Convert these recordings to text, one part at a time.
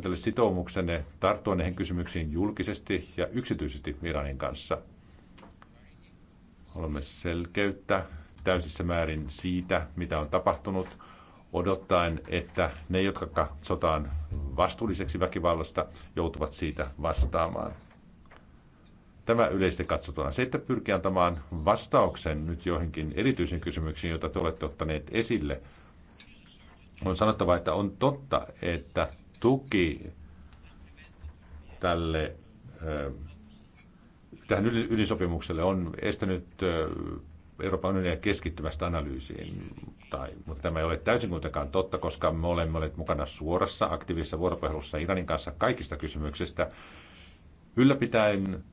tälle sitoumuksenne tarttua näihin kysymyksiin julkisesti ja yksityisesti Iranin kanssa? Olemme selkeyttä täysissä määrin siitä, mitä on tapahtunut, odottaen, että ne, jotka katsotaan vastuulliseksi väkivallasta, joutuvat siitä vastaamaan. Tämä yleisesti katsotaan. Se, että pyrkii antamaan vastauksen nyt joihinkin erityisiin kysymyksiin, joita te olette ottaneet esille, on sanottava, että on totta, että tuki tälle tähän ydinsopimukselle on estänyt Euroopan unionia keskittymästä analyysiin, tai, mutta tämä ei ole täysin kuitenkaan totta, koska me olemme olleet mukana suorassa aktiivisessa vuoropuhelussa Iranin kanssa kaikista kysymyksistä, ylläpitäen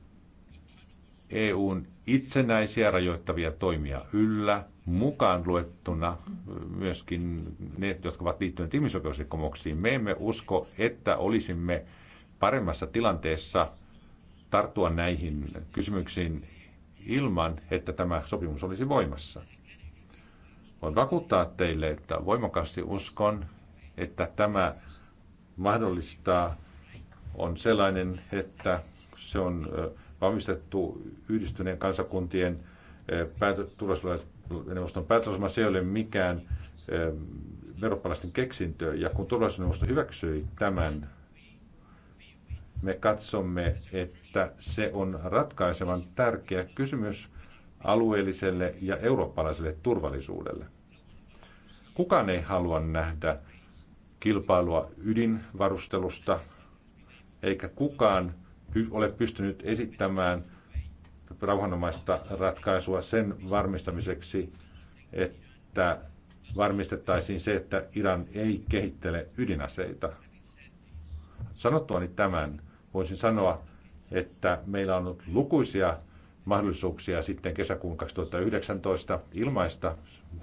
EUn itsenäisiä rajoittavia toimia yllä, mukaan luettuna myöskin ne, jotka ovat liittyneet ihmisoikeusrikkomuksiin. Me emme usko, että olisimme paremmassa tilanteessa tarttua näihin kysymyksiin ilman, että tämä sopimus olisi voimassa. Voin vakuuttaa teille, että voimakkaasti uskon, että tämä mahdollistaa on sellainen, että se on valmistettu yhdistyneen kansakuntien päätös, turvallisuusneuvoston päätösosama, se ei ole mikään ähm, eurooppalaisten keksintö. Ja kun turvallisuusneuvosto hyväksyi tämän, me katsomme, että se on ratkaisevan tärkeä kysymys alueelliselle ja eurooppalaiselle turvallisuudelle. Kukaan ei halua nähdä kilpailua ydinvarustelusta, eikä kukaan ole pystynyt esittämään – rauhanomaista ratkaisua sen varmistamiseksi, että varmistettaisiin se, että Iran ei kehittele ydinaseita. Sanottuani tämän voisin sanoa, että meillä on ollut lukuisia mahdollisuuksia sitten kesäkuun 2019 ilmaista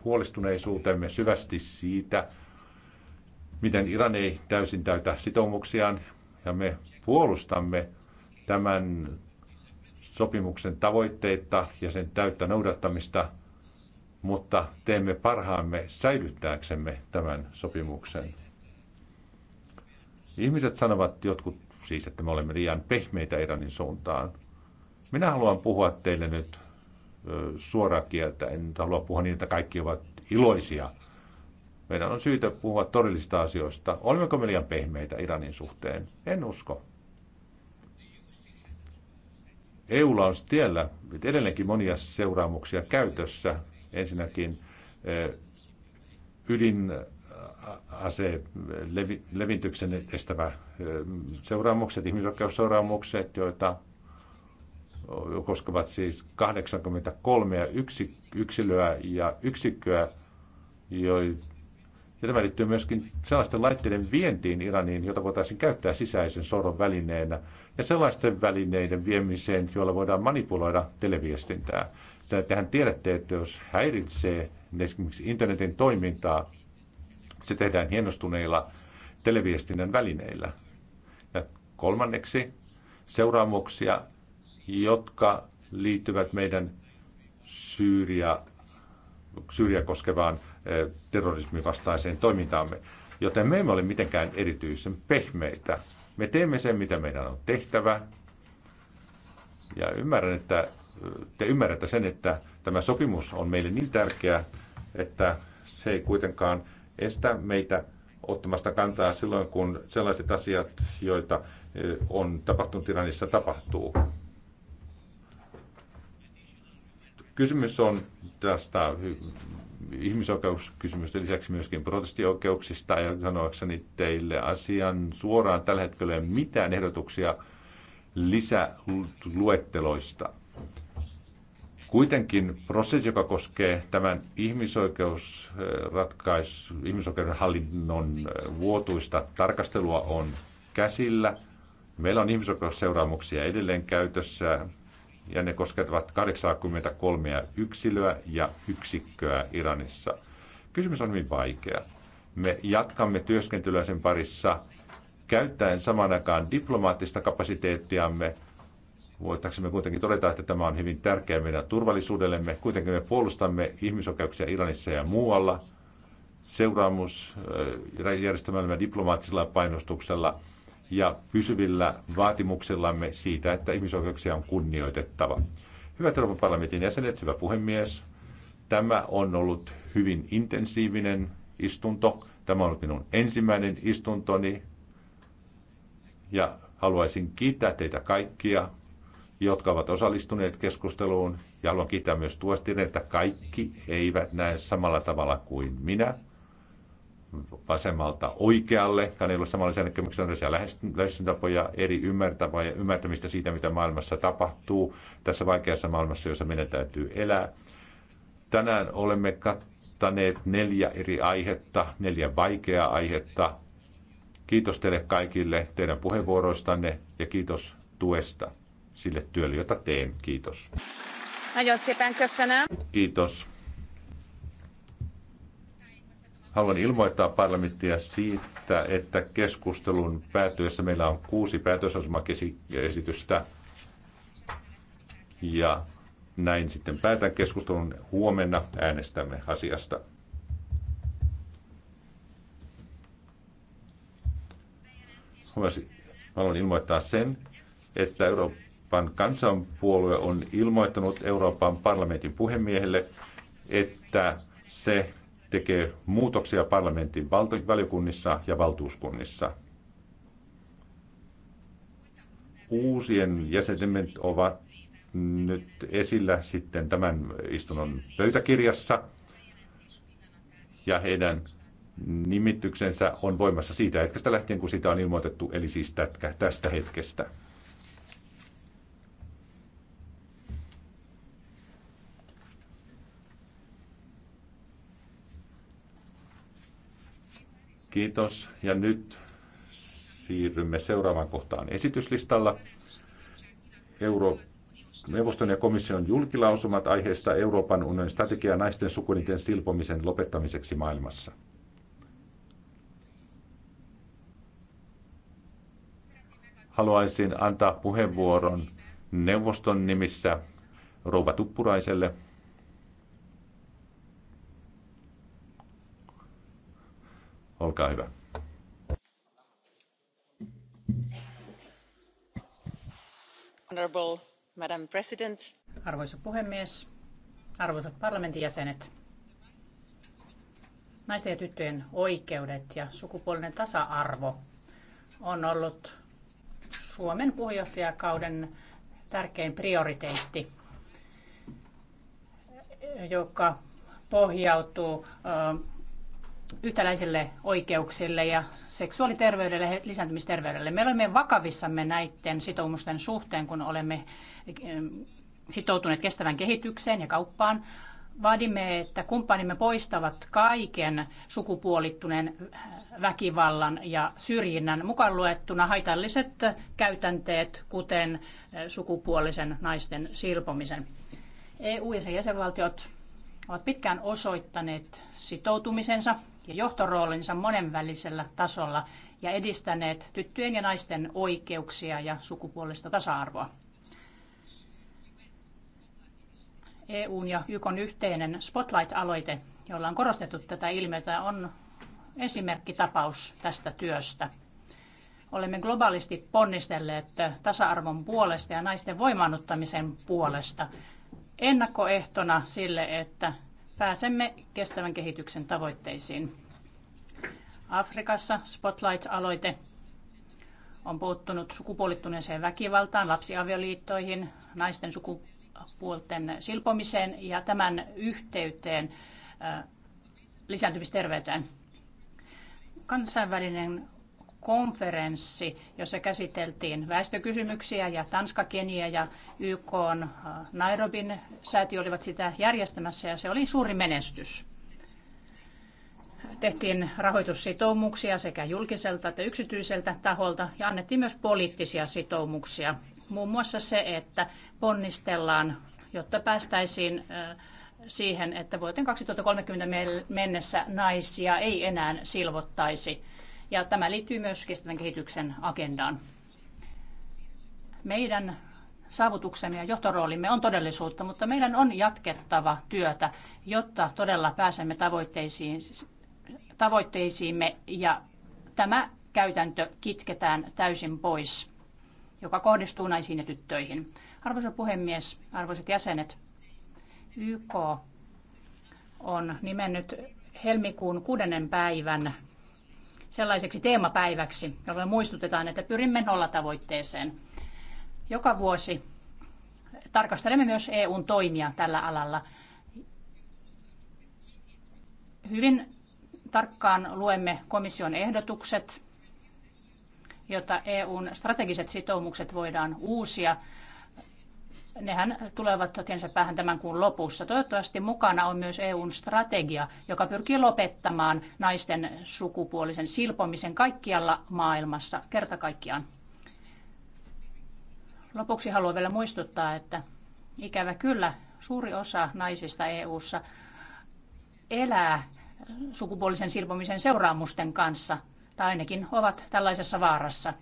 huolestuneisuutemme syvästi siitä, miten Iran ei täysin täytä sitoumuksiaan, ja me puolustamme tämän sopimuksen tavoitteita ja sen täyttä noudattamista, mutta teemme parhaamme säilyttääksemme tämän sopimuksen. Ihmiset sanovat jotkut siis, että me olemme liian pehmeitä Iranin suuntaan. Minä haluan puhua teille nyt suoraa kieltä. En nyt halua puhua niin, että kaikki ovat iloisia. Meidän on syytä puhua todellisista asioista. Olemmeko me liian pehmeitä Iranin suhteen? En usko. EUlla on tiellä edelleenkin monia seuraamuksia käytössä. Ensinnäkin eh, ydinase eh, levityksen estävä eh, seuraamukset, ihmisoikeusseuraamukset, joita koskevat siis 83 yksilöä ja yksikköä, joita ja tämä liittyy myöskin sellaisten laitteiden vientiin Iraniin, jota voitaisiin käyttää sisäisen sorron välineenä ja sellaisten välineiden viemiseen, joilla voidaan manipuloida televiestintää. Tähän tiedätte, että jos häiritsee esimerkiksi internetin toimintaa, se tehdään hienostuneilla televiestinnän välineillä. Ja kolmanneksi seuraamuksia, jotka liittyvät meidän Syyriä, Syyriä koskevaan eh, terrorismin vastaiseen toimintaamme. Joten me emme ole mitenkään erityisen pehmeitä. Me teemme sen, mitä meidän on tehtävä. Ja ymmärrän, että te ymmärrätte sen, että tämä sopimus on meille niin tärkeä, että se ei kuitenkaan estä meitä ottamasta kantaa silloin, kun sellaiset asiat, joita eh, on tapahtunut Iranissa, tapahtuu. Kysymys on tästä ihmisoikeuskysymysten lisäksi myöskin protestioikeuksista ja sanoakseni teille asian suoraan tällä hetkellä mitään ehdotuksia lisäluetteloista. Kuitenkin prosessi, joka koskee tämän ihmisoikeusratkais, ihmisoikeuden hallinnon äh, vuotuista tarkastelua, on käsillä. Meillä on ihmisoikeusseuraamuksia edelleen käytössä ja ne koskettavat 83 yksilöä ja yksikköä Iranissa. Kysymys on hyvin vaikea. Me jatkamme työskentelyä sen parissa käyttäen saman aikaan diplomaattista kapasiteettiamme. Voitaksemme kuitenkin todeta, että tämä on hyvin tärkeä meidän turvallisuudellemme. Kuitenkin me puolustamme ihmisoikeuksia Iranissa ja muualla. seuraamusjärjestelmällä äh, järjestämällä diplomaattisella painostuksella – ja pysyvillä vaatimuksillamme siitä, että ihmisoikeuksia on kunnioitettava. Hyvät Euroopan parlamentin jäsenet, hyvä puhemies, tämä on ollut hyvin intensiivinen istunto. Tämä on ollut minun ensimmäinen istuntoni ja haluaisin kiittää teitä kaikkia, jotka ovat osallistuneet keskusteluun ja haluan kiittää myös tuosta, että kaikki eivät näe samalla tavalla kuin minä vasemmalta oikealle, ja niillä on samanlaisia näkemyksiä, erilaisia lähestymistapoja, eri ymmärtämistä, ymmärtämistä siitä, mitä maailmassa tapahtuu, tässä vaikeassa maailmassa, jossa meidän täytyy elää. Tänään olemme kattaneet neljä eri aihetta, neljä vaikeaa aihetta. Kiitos teille kaikille teidän puheenvuoroistanne ja kiitos tuesta sille työlle, jota teen. Kiitos. Kiitos. Haluan ilmoittaa parlamenttia siitä, että keskustelun päätyessä meillä on kuusi päätösasemaesitystä. Ja näin sitten päätän keskustelun. Huomenna äänestämme asiasta. Haluan ilmoittaa sen, että Euroopan kansanpuolue on ilmoittanut Euroopan parlamentin puhemiehelle, että se tekee muutoksia parlamentin valiokunnissa ja valtuuskunnissa. Uusien jäsenemme ovat nyt esillä sitten tämän istunnon pöytäkirjassa ja heidän nimityksensä on voimassa siitä hetkestä lähtien, kun sitä on ilmoitettu, eli siis tästä hetkestä. Kiitos. Ja nyt siirrymme seuraavaan kohtaan esityslistalla. Euro Neuvoston ja komission julkilausumat aiheesta Euroopan unionin strategia naisten sukuniten silpomisen lopettamiseksi maailmassa. Haluaisin antaa puheenvuoron neuvoston nimissä rouva Tuppuraiselle – Olkaa hyvä. Arvoisa puhemies, arvoisat parlamentin jäsenet, naisten ja tyttöjen oikeudet ja sukupuolinen tasa-arvo on ollut Suomen puheenjohtajakauden tärkein prioriteetti, joka pohjautuu yhtäläisille oikeuksille ja seksuaaliterveydelle ja lisääntymisterveydelle. Me olemme vakavissamme näiden sitoumusten suhteen, kun olemme sitoutuneet kestävän kehitykseen ja kauppaan. Vaadimme, että kumppanimme poistavat kaiken sukupuolittuneen äh, väkivallan ja syrjinnän mukaan luettuna haitalliset käytänteet, kuten äh, sukupuolisen naisten silpomisen. EU ja sen jäsenvaltiot ovat pitkään osoittaneet sitoutumisensa ja johtoroolinsa monenvälisellä tasolla ja edistäneet tyttöjen ja naisten oikeuksia ja sukupuolista tasa-arvoa. EUn ja YKn yhteinen Spotlight-aloite, jolla on korostettu tätä ilmiötä, on esimerkkitapaus tästä työstä. Olemme globaalisti ponnistelleet tasa-arvon puolesta ja naisten voimaannuttamisen puolesta ennakkoehtona sille, että pääsemme kestävän kehityksen tavoitteisiin. Afrikassa Spotlight-aloite on puuttunut sukupuolittuneeseen väkivaltaan, lapsiavioliittoihin, naisten sukupuolten silpomiseen ja tämän yhteyteen äh, lisääntymisterveyteen. Kansainvälinen konferenssi, jossa käsiteltiin väestökysymyksiä ja Tanska, Kenia ja YK äh, Nairobin säätiö olivat sitä järjestämässä ja se oli suuri menestys. Tehtiin rahoitussitoumuksia sekä julkiselta että yksityiseltä taholta ja annettiin myös poliittisia sitoumuksia. Muun muassa se, että ponnistellaan, jotta päästäisiin äh, siihen, että vuoteen 2030 mennessä naisia ei enää silvottaisi ja tämä liittyy myös kestävän kehityksen agendaan. Meidän saavutuksemme ja johtoroolimme on todellisuutta, mutta meidän on jatkettava työtä, jotta todella pääsemme tavoitteisiin, tavoitteisiimme ja tämä käytäntö kitketään täysin pois, joka kohdistuu naisiin ja tyttöihin. Arvoisa puhemies, arvoisat jäsenet, YK on nimennyt helmikuun kuudennen päivän sellaiseksi teemapäiväksi, jolloin muistutetaan, että pyrimme nollatavoitteeseen. Joka vuosi tarkastelemme myös EUn toimia tällä alalla. Hyvin tarkkaan luemme komission ehdotukset, jotta EUn strategiset sitoumukset voidaan uusia Nehän tulevat totensa päähän tämän kuun lopussa. Toivottavasti mukana on myös EUn strategia, joka pyrkii lopettamaan naisten sukupuolisen silpomisen kaikkialla maailmassa kerta kaikkiaan. Lopuksi haluan vielä muistuttaa, että ikävä kyllä suuri osa naisista EU:ssa elää sukupuolisen silpomisen seuraamusten kanssa, tai ainakin ovat tällaisessa vaarassa.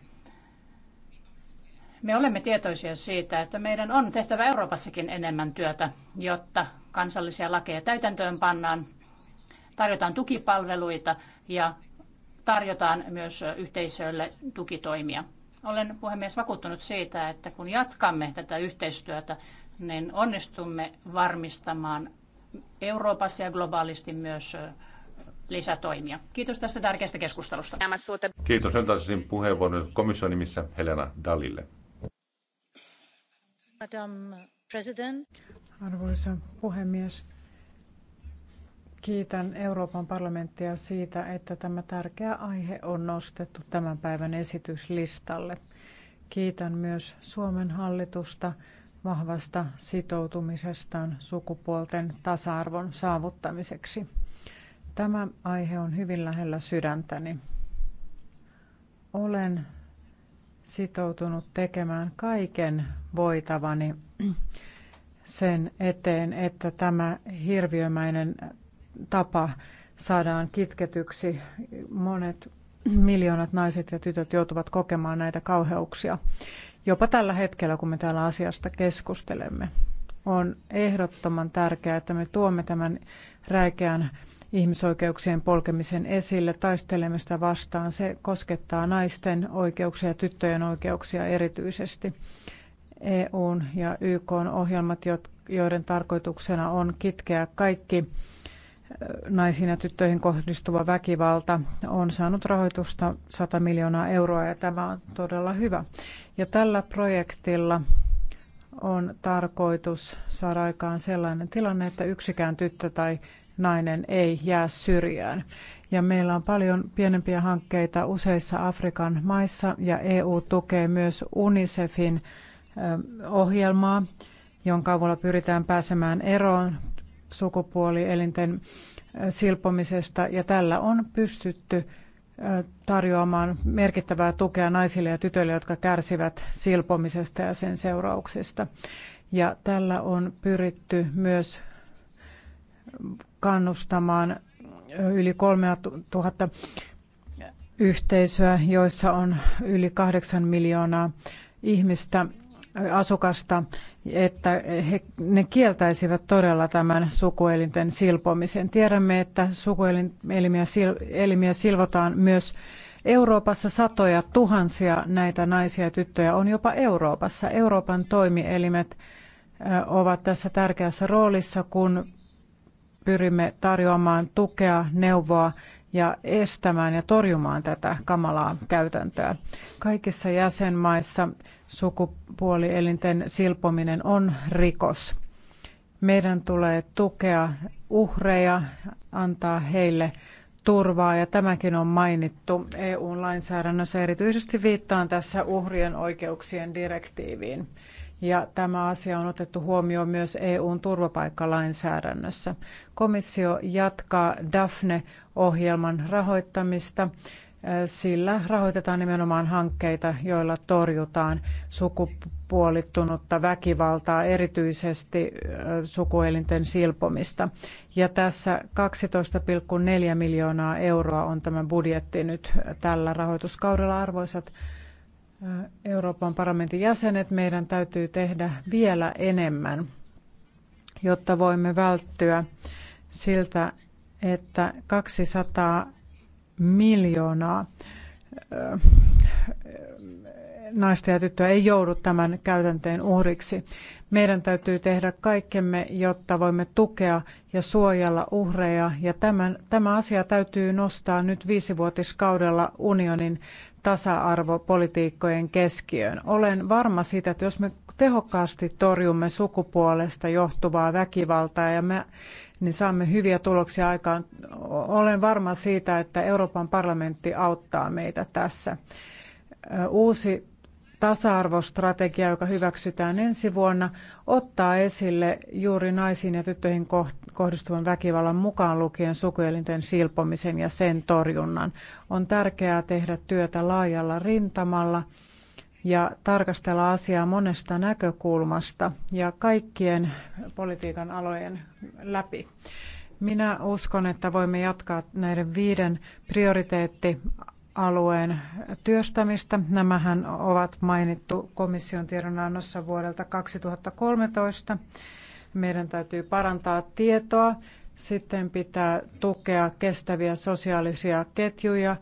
Me olemme tietoisia siitä, että meidän on tehtävä Euroopassakin enemmän työtä, jotta kansallisia lakeja täytäntöön pannaan, tarjotaan tukipalveluita ja tarjotaan myös yhteisöille tukitoimia. Olen puhemies vakuuttunut siitä, että kun jatkamme tätä yhteistyötä, niin onnistumme varmistamaan Euroopassa ja globaalisti myös lisätoimia. Kiitos tästä tärkeästä keskustelusta. Kiitos. Antaisin puheenvuoron komission nimissä Helena Dalille. Arvoisa puhemies, kiitän Euroopan parlamenttia siitä, että tämä tärkeä aihe on nostettu tämän päivän esityslistalle. Kiitän myös Suomen hallitusta vahvasta sitoutumisestaan sukupuolten tasa-arvon saavuttamiseksi. Tämä aihe on hyvin lähellä sydäntäni. Olen sitoutunut tekemään kaiken voitavani sen eteen, että tämä hirviömäinen tapa saadaan kitketyksi. Monet miljoonat naiset ja tytöt joutuvat kokemaan näitä kauheuksia. Jopa tällä hetkellä, kun me täällä asiasta keskustelemme, on ehdottoman tärkeää, että me tuomme tämän räikeän ihmisoikeuksien polkemisen esille, taistelemista vastaan. Se koskettaa naisten oikeuksia ja tyttöjen oikeuksia erityisesti. EUn ja YKn ohjelmat, joiden tarkoituksena on kitkeä kaikki naisiin ja tyttöihin kohdistuva väkivalta on saanut rahoitusta 100 miljoonaa euroa ja tämä on todella hyvä. Ja tällä projektilla on tarkoitus saada aikaan sellainen tilanne, että yksikään tyttö tai nainen ei jää syrjään. Ja meillä on paljon pienempiä hankkeita useissa Afrikan maissa ja EU tukee myös UNICEFin ohjelmaa, jonka avulla pyritään pääsemään eroon sukupuolielinten silpomisesta ja tällä on pystytty tarjoamaan merkittävää tukea naisille ja tytöille, jotka kärsivät silpomisesta ja sen seurauksista. Ja tällä on pyritty myös kannustamaan yli 3000 yhteisöä, joissa on yli 8 miljoonaa ihmistä asukasta, että he, ne kieltäisivät todella tämän sukuelinten silpomisen. Tiedämme, että sukuelimiä sil, elimiä silvotaan myös Euroopassa satoja tuhansia näitä naisia ja tyttöjä on jopa Euroopassa. Euroopan toimielimet ovat tässä tärkeässä roolissa, kun pyrimme tarjoamaan tukea, neuvoa ja estämään ja torjumaan tätä kamalaa käytäntöä. Kaikissa jäsenmaissa sukupuolielinten silpominen on rikos. Meidän tulee tukea uhreja, antaa heille turvaa ja tämäkin on mainittu EUn lainsäädännössä. Erityisesti viittaan tässä uhrien oikeuksien direktiiviin ja tämä asia on otettu huomioon myös EUn turvapaikkalainsäädännössä. Komissio jatkaa DAFNE-ohjelman rahoittamista. Äh, sillä rahoitetaan nimenomaan hankkeita, joilla torjutaan sukupuolittunutta väkivaltaa, erityisesti äh, sukuelinten silpomista. Ja tässä 12,4 miljoonaa euroa on tämä budjetti nyt äh, tällä rahoituskaudella, arvoisat Euroopan parlamentin jäsenet, meidän täytyy tehdä vielä enemmän, jotta voimme välttyä siltä, että 200 miljoonaa naista ja tyttöä ei joudu tämän käytänteen uhriksi. Meidän täytyy tehdä kaikkemme, jotta voimme tukea ja suojella uhreja. Ja tämän, tämä asia täytyy nostaa nyt viisivuotiskaudella unionin tasa-arvopolitiikkojen keskiöön. Olen varma siitä, että jos me tehokkaasti torjumme sukupuolesta johtuvaa väkivaltaa ja me niin saamme hyviä tuloksia aikaan. Olen varma siitä, että Euroopan parlamentti auttaa meitä tässä uusi tasa-arvostrategia, joka hyväksytään ensi vuonna, ottaa esille juuri naisiin ja tyttöihin kohdistuvan väkivallan mukaan lukien sukuelinten silpomisen ja sen torjunnan. On tärkeää tehdä työtä laajalla rintamalla ja tarkastella asiaa monesta näkökulmasta ja kaikkien politiikan alojen läpi. Minä uskon, että voimme jatkaa näiden viiden prioriteetti alueen työstämistä. Nämähän ovat mainittu komission tiedonannossa vuodelta 2013. Meidän täytyy parantaa tietoa, sitten pitää tukea kestäviä sosiaalisia ketjuja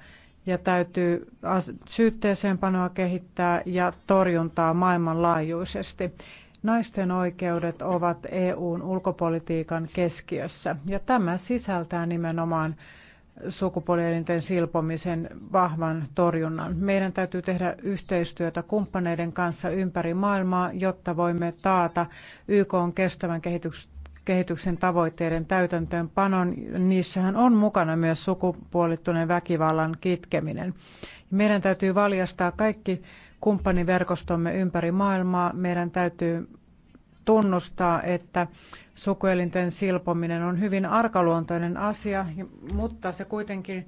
ja täytyy syytteeseenpanoa kehittää ja torjuntaa maailmanlaajuisesti. Naisten oikeudet ovat EUn ulkopolitiikan keskiössä ja tämä sisältää nimenomaan sukupuolielinten silpomisen vahvan torjunnan. Meidän täytyy tehdä yhteistyötä kumppaneiden kanssa ympäri maailmaa, jotta voimme taata YK on kestävän kehityksen tavoitteiden täytäntöönpanon. Niissähän on mukana myös sukupuolittuneen väkivallan kitkeminen. Meidän täytyy valjastaa kaikki kumppaniverkostomme ympäri maailmaa. Meidän täytyy tunnustaa, että sukuelinten silpominen on hyvin arkaluontoinen asia, mutta se kuitenkin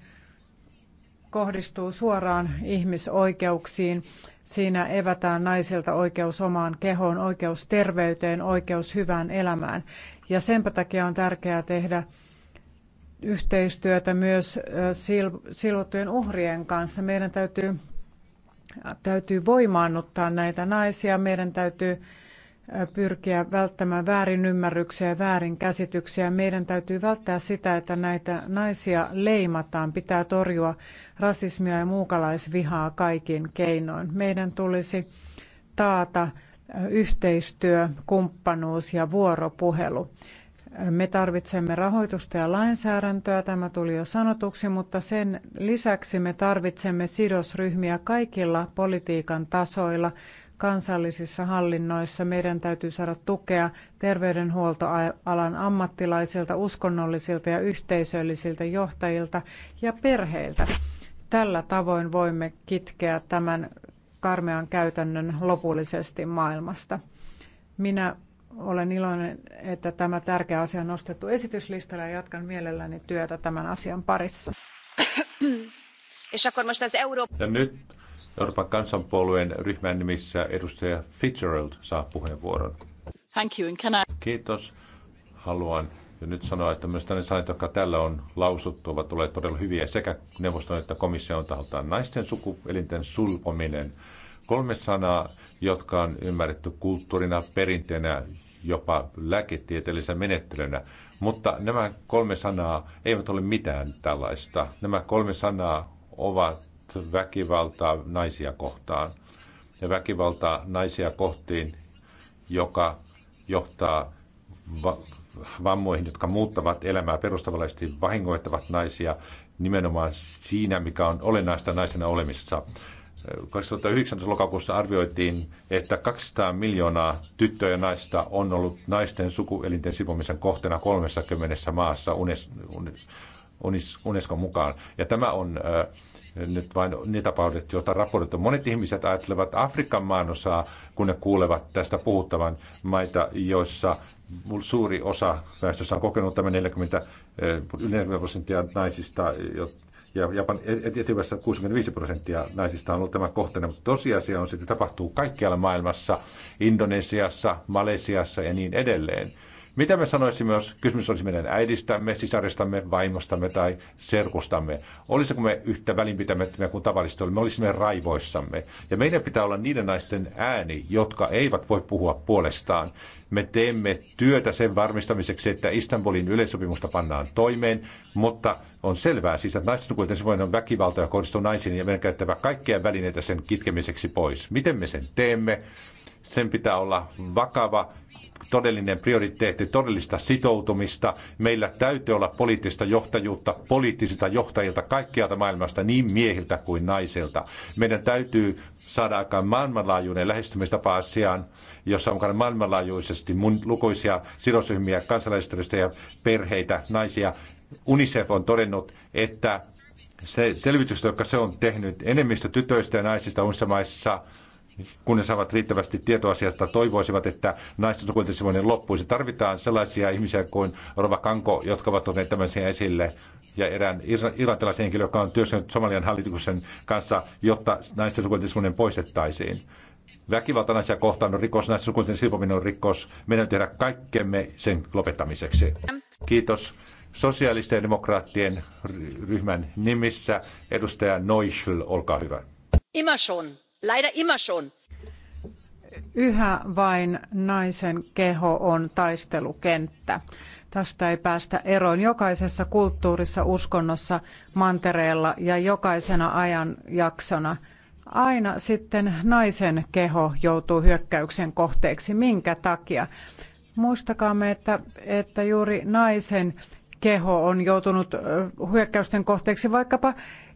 kohdistuu suoraan ihmisoikeuksiin. Siinä evätään naisilta oikeus omaan kehoon, oikeus terveyteen, oikeus hyvään elämään. Ja sen takia on tärkeää tehdä yhteistyötä myös silvottujen uhrien kanssa. Meidän täytyy, täytyy voimaannuttaa näitä naisia, meidän täytyy pyrkiä välttämään väärinymmärryksiä ja väärinkäsityksiä. Meidän täytyy välttää sitä, että näitä naisia leimataan. Pitää torjua rasismia ja muukalaisvihaa kaikin keinoin. Meidän tulisi taata yhteistyö, kumppanuus ja vuoropuhelu. Me tarvitsemme rahoitusta ja lainsäädäntöä, tämä tuli jo sanotuksi, mutta sen lisäksi me tarvitsemme sidosryhmiä kaikilla politiikan tasoilla, kansallisissa hallinnoissa. Meidän täytyy saada tukea terveydenhuoltoalan ammattilaisilta, uskonnollisilta ja yhteisöllisiltä johtajilta ja perheiltä. Tällä tavoin voimme kitkeä tämän karmean käytännön lopullisesti maailmasta. Minä olen iloinen, että tämä tärkeä asia on nostettu esityslistalle ja jatkan mielelläni työtä tämän asian parissa. Ja nyt Euroopan kansanpuolueen ryhmän nimissä edustaja Fitzgerald saa puheenvuoron. Thank you. Can I... Kiitos. Haluan ja nyt sanoa, että myös tänne sanat, jotka tällä on lausuttu, ovat tulleet todella hyviä sekä neuvoston että komission taholta Naisten sukuelinten sulpominen. Kolme sanaa, jotka on ymmärretty kulttuurina, perinteenä, jopa lääketieteellisenä menettelynä. Mutta nämä kolme sanaa eivät ole mitään tällaista. Nämä kolme sanaa ovat väkivaltaa naisia kohtaan. Ja väkivaltaa naisia kohtiin, joka johtaa va- vammoihin, jotka muuttavat elämää perustavallisesti, vahingoittavat naisia nimenomaan siinä, mikä on olennaista naisena olemissa. 2019 lokakuussa arvioitiin, että 200 miljoonaa tyttöä ja naista on ollut naisten sukuelinten sivumisen kohteena 30 maassa UNESCOn mukaan. Ja tämä on äh, nyt vain ne tapaudet, joita raportoitu. Monet ihmiset ajattelevat Afrikan maanosaa, kun ne kuulevat tästä puhuttavan maita, joissa suuri osa väestössä on kokenut tämä 40, 40 prosenttia naisista, ja Japan e- etiivässä 65 prosenttia naisista on ollut tämä kohteena, mutta tosiasia on, että se tapahtuu kaikkialla maailmassa, Indonesiassa, Malesiassa ja niin edelleen. Mitä me sanoisimme, jos kysymys olisi meidän äidistämme, sisaristamme, vaimostamme tai serkustamme? Olisiko me yhtä välinpitämättömiä kuin tavallisesti olemme? Olisimme raivoissamme. Ja meidän pitää olla niiden naisten ääni, jotka eivät voi puhua puolestaan. Me teemme työtä sen varmistamiseksi, että Istanbulin yleissopimusta pannaan toimeen, mutta on selvää siis, että naisten sukupuolten väkivalta, joka kohdistuu naisiin, ja meidän käyttävä kaikkia välineitä sen kitkemiseksi pois. Miten me sen teemme? Sen pitää olla vakava todellinen prioriteetti, todellista sitoutumista. Meillä täytyy olla poliittista johtajuutta poliittisilta johtajilta kaikkialta maailmasta, niin miehiltä kuin naisilta. Meidän täytyy saada aikaan maailmanlaajuinen lähestymistapa asiaan, jossa on mukana maailmanlaajuisesti mun lukuisia sidosryhmiä, kansalaisjärjestöjä, perheitä, naisia. UNICEF on todennut, että se selvitykset, jotka se on tehnyt, enemmistö tytöistä ja naisista unissa maissa – kun ne saavat riittävästi tietoa toivoisivat, että naisten sukupuolten loppuisi. Tarvitaan sellaisia ihmisiä kuin Rova Kanko, jotka ovat tuoneet tämmöisiä esille ja erään irlantilaisen henkilön, joka on työskennellyt Somalian hallituksen kanssa, jotta naisten sukupuolten poistettaisiin. Väkivalta naisia kohtaan on rikos, naisten sukupuolten silpominen on rikos. Meidän tehdä kaikkemme sen lopettamiseksi. Kiitos sosiaalisten demokraattien ryhmän nimissä. Edustaja Neuschel, olkaa hyvä. Immer schon leider immer schon. Yhä vain naisen keho on taistelukenttä. Tästä ei päästä eroon jokaisessa kulttuurissa, uskonnossa, mantereella ja jokaisena ajanjaksona. Aina sitten naisen keho joutuu hyökkäyksen kohteeksi. Minkä takia? Muistakaamme, että, että juuri naisen keho on joutunut hyökkäysten kohteeksi vaikkapa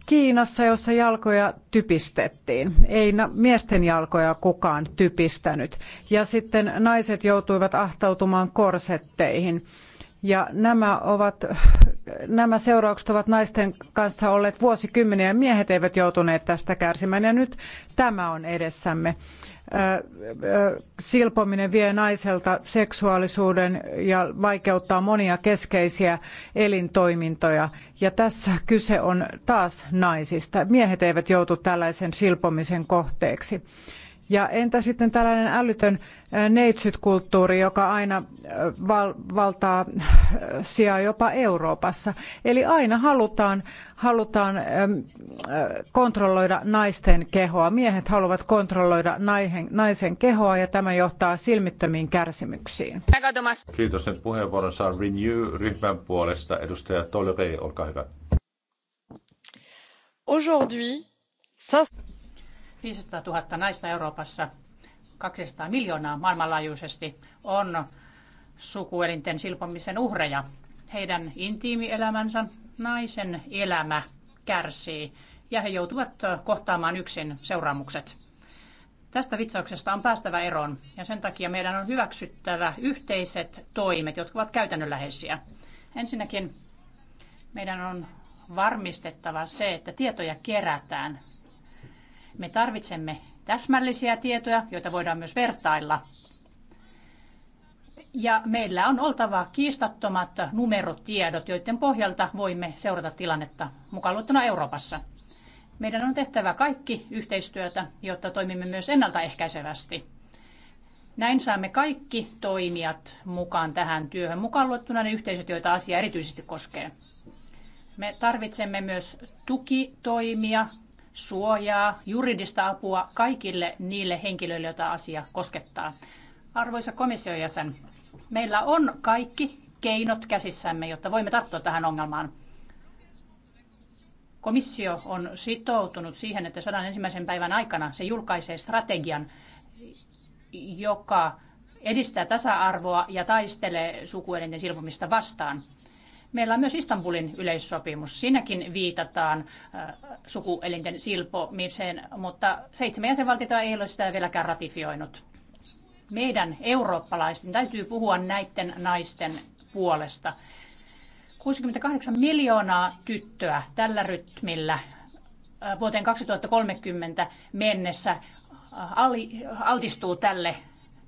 Kiinassa, jossa jalkoja typistettiin. Ei miesten jalkoja kukaan typistänyt. Ja sitten naiset joutuivat ahtautumaan korsetteihin. Ja nämä, ovat, nämä seuraukset ovat naisten kanssa olleet vuosikymmeniä ja miehet eivät joutuneet tästä kärsimään. Ja nyt tämä on edessämme. Silpominen vie naiselta seksuaalisuuden ja vaikeuttaa monia keskeisiä elintoimintoja. Ja tässä kyse on taas naisista. Miehet eivät joutu tällaisen silpomisen kohteeksi. Ja entä sitten tällainen älytön äh, neitsytkulttuuri, joka aina äh, val- valtaa äh, sijaa jopa Euroopassa. Eli aina halutaan, halutaan ähm, kontrolloida naisten kehoa. Miehet haluavat kontrolloida naisen, naisen kehoa ja tämä johtaa silmittömiin kärsimyksiin. Kiitos. Nyt puheenvuoron saa Renew-ryhmän puolesta. Edustaja Tolre, olkaa hyvä. Aujourd'hui, 500 000 naista Euroopassa, 200 miljoonaa maailmanlaajuisesti on sukuelinten silpomisen uhreja. Heidän intiimielämänsä, naisen elämä kärsii ja he joutuvat kohtaamaan yksin seuraamukset. Tästä vitsauksesta on päästävä eroon ja sen takia meidän on hyväksyttävä yhteiset toimet, jotka ovat käytännönläheisiä. Ensinnäkin meidän on varmistettava se, että tietoja kerätään me tarvitsemme täsmällisiä tietoja, joita voidaan myös vertailla. Ja meillä on oltava kiistattomat numerotiedot, joiden pohjalta voimme seurata tilannetta mukaan luettuna Euroopassa. Meidän on tehtävä kaikki yhteistyötä, jotta toimimme myös ennaltaehkäisevästi. Näin saamme kaikki toimijat mukaan tähän työhön, mukaan luettuna ne yhteisöt, joita asia erityisesti koskee. Me tarvitsemme myös tukitoimia suojaa, juridista apua kaikille niille henkilöille, joita asia koskettaa. Arvoisa komission jäsen, meillä on kaikki keinot käsissämme, jotta voimme tarttua tähän ongelmaan. Komissio on sitoutunut siihen, että sadan ensimmäisen päivän aikana se julkaisee strategian, joka edistää tasa-arvoa ja taistelee sukuelinten silpomista vastaan. Meillä on myös Istanbulin yleissopimus. Siinäkin viitataan äh, sukuelinten silpomiseen, mutta seitsemän jäsenvaltiota ei ole sitä vieläkään ratifioinut. Meidän eurooppalaisten täytyy puhua näiden naisten puolesta. 68 miljoonaa tyttöä tällä rytmillä äh, vuoteen 2030 mennessä äh, altistuu tälle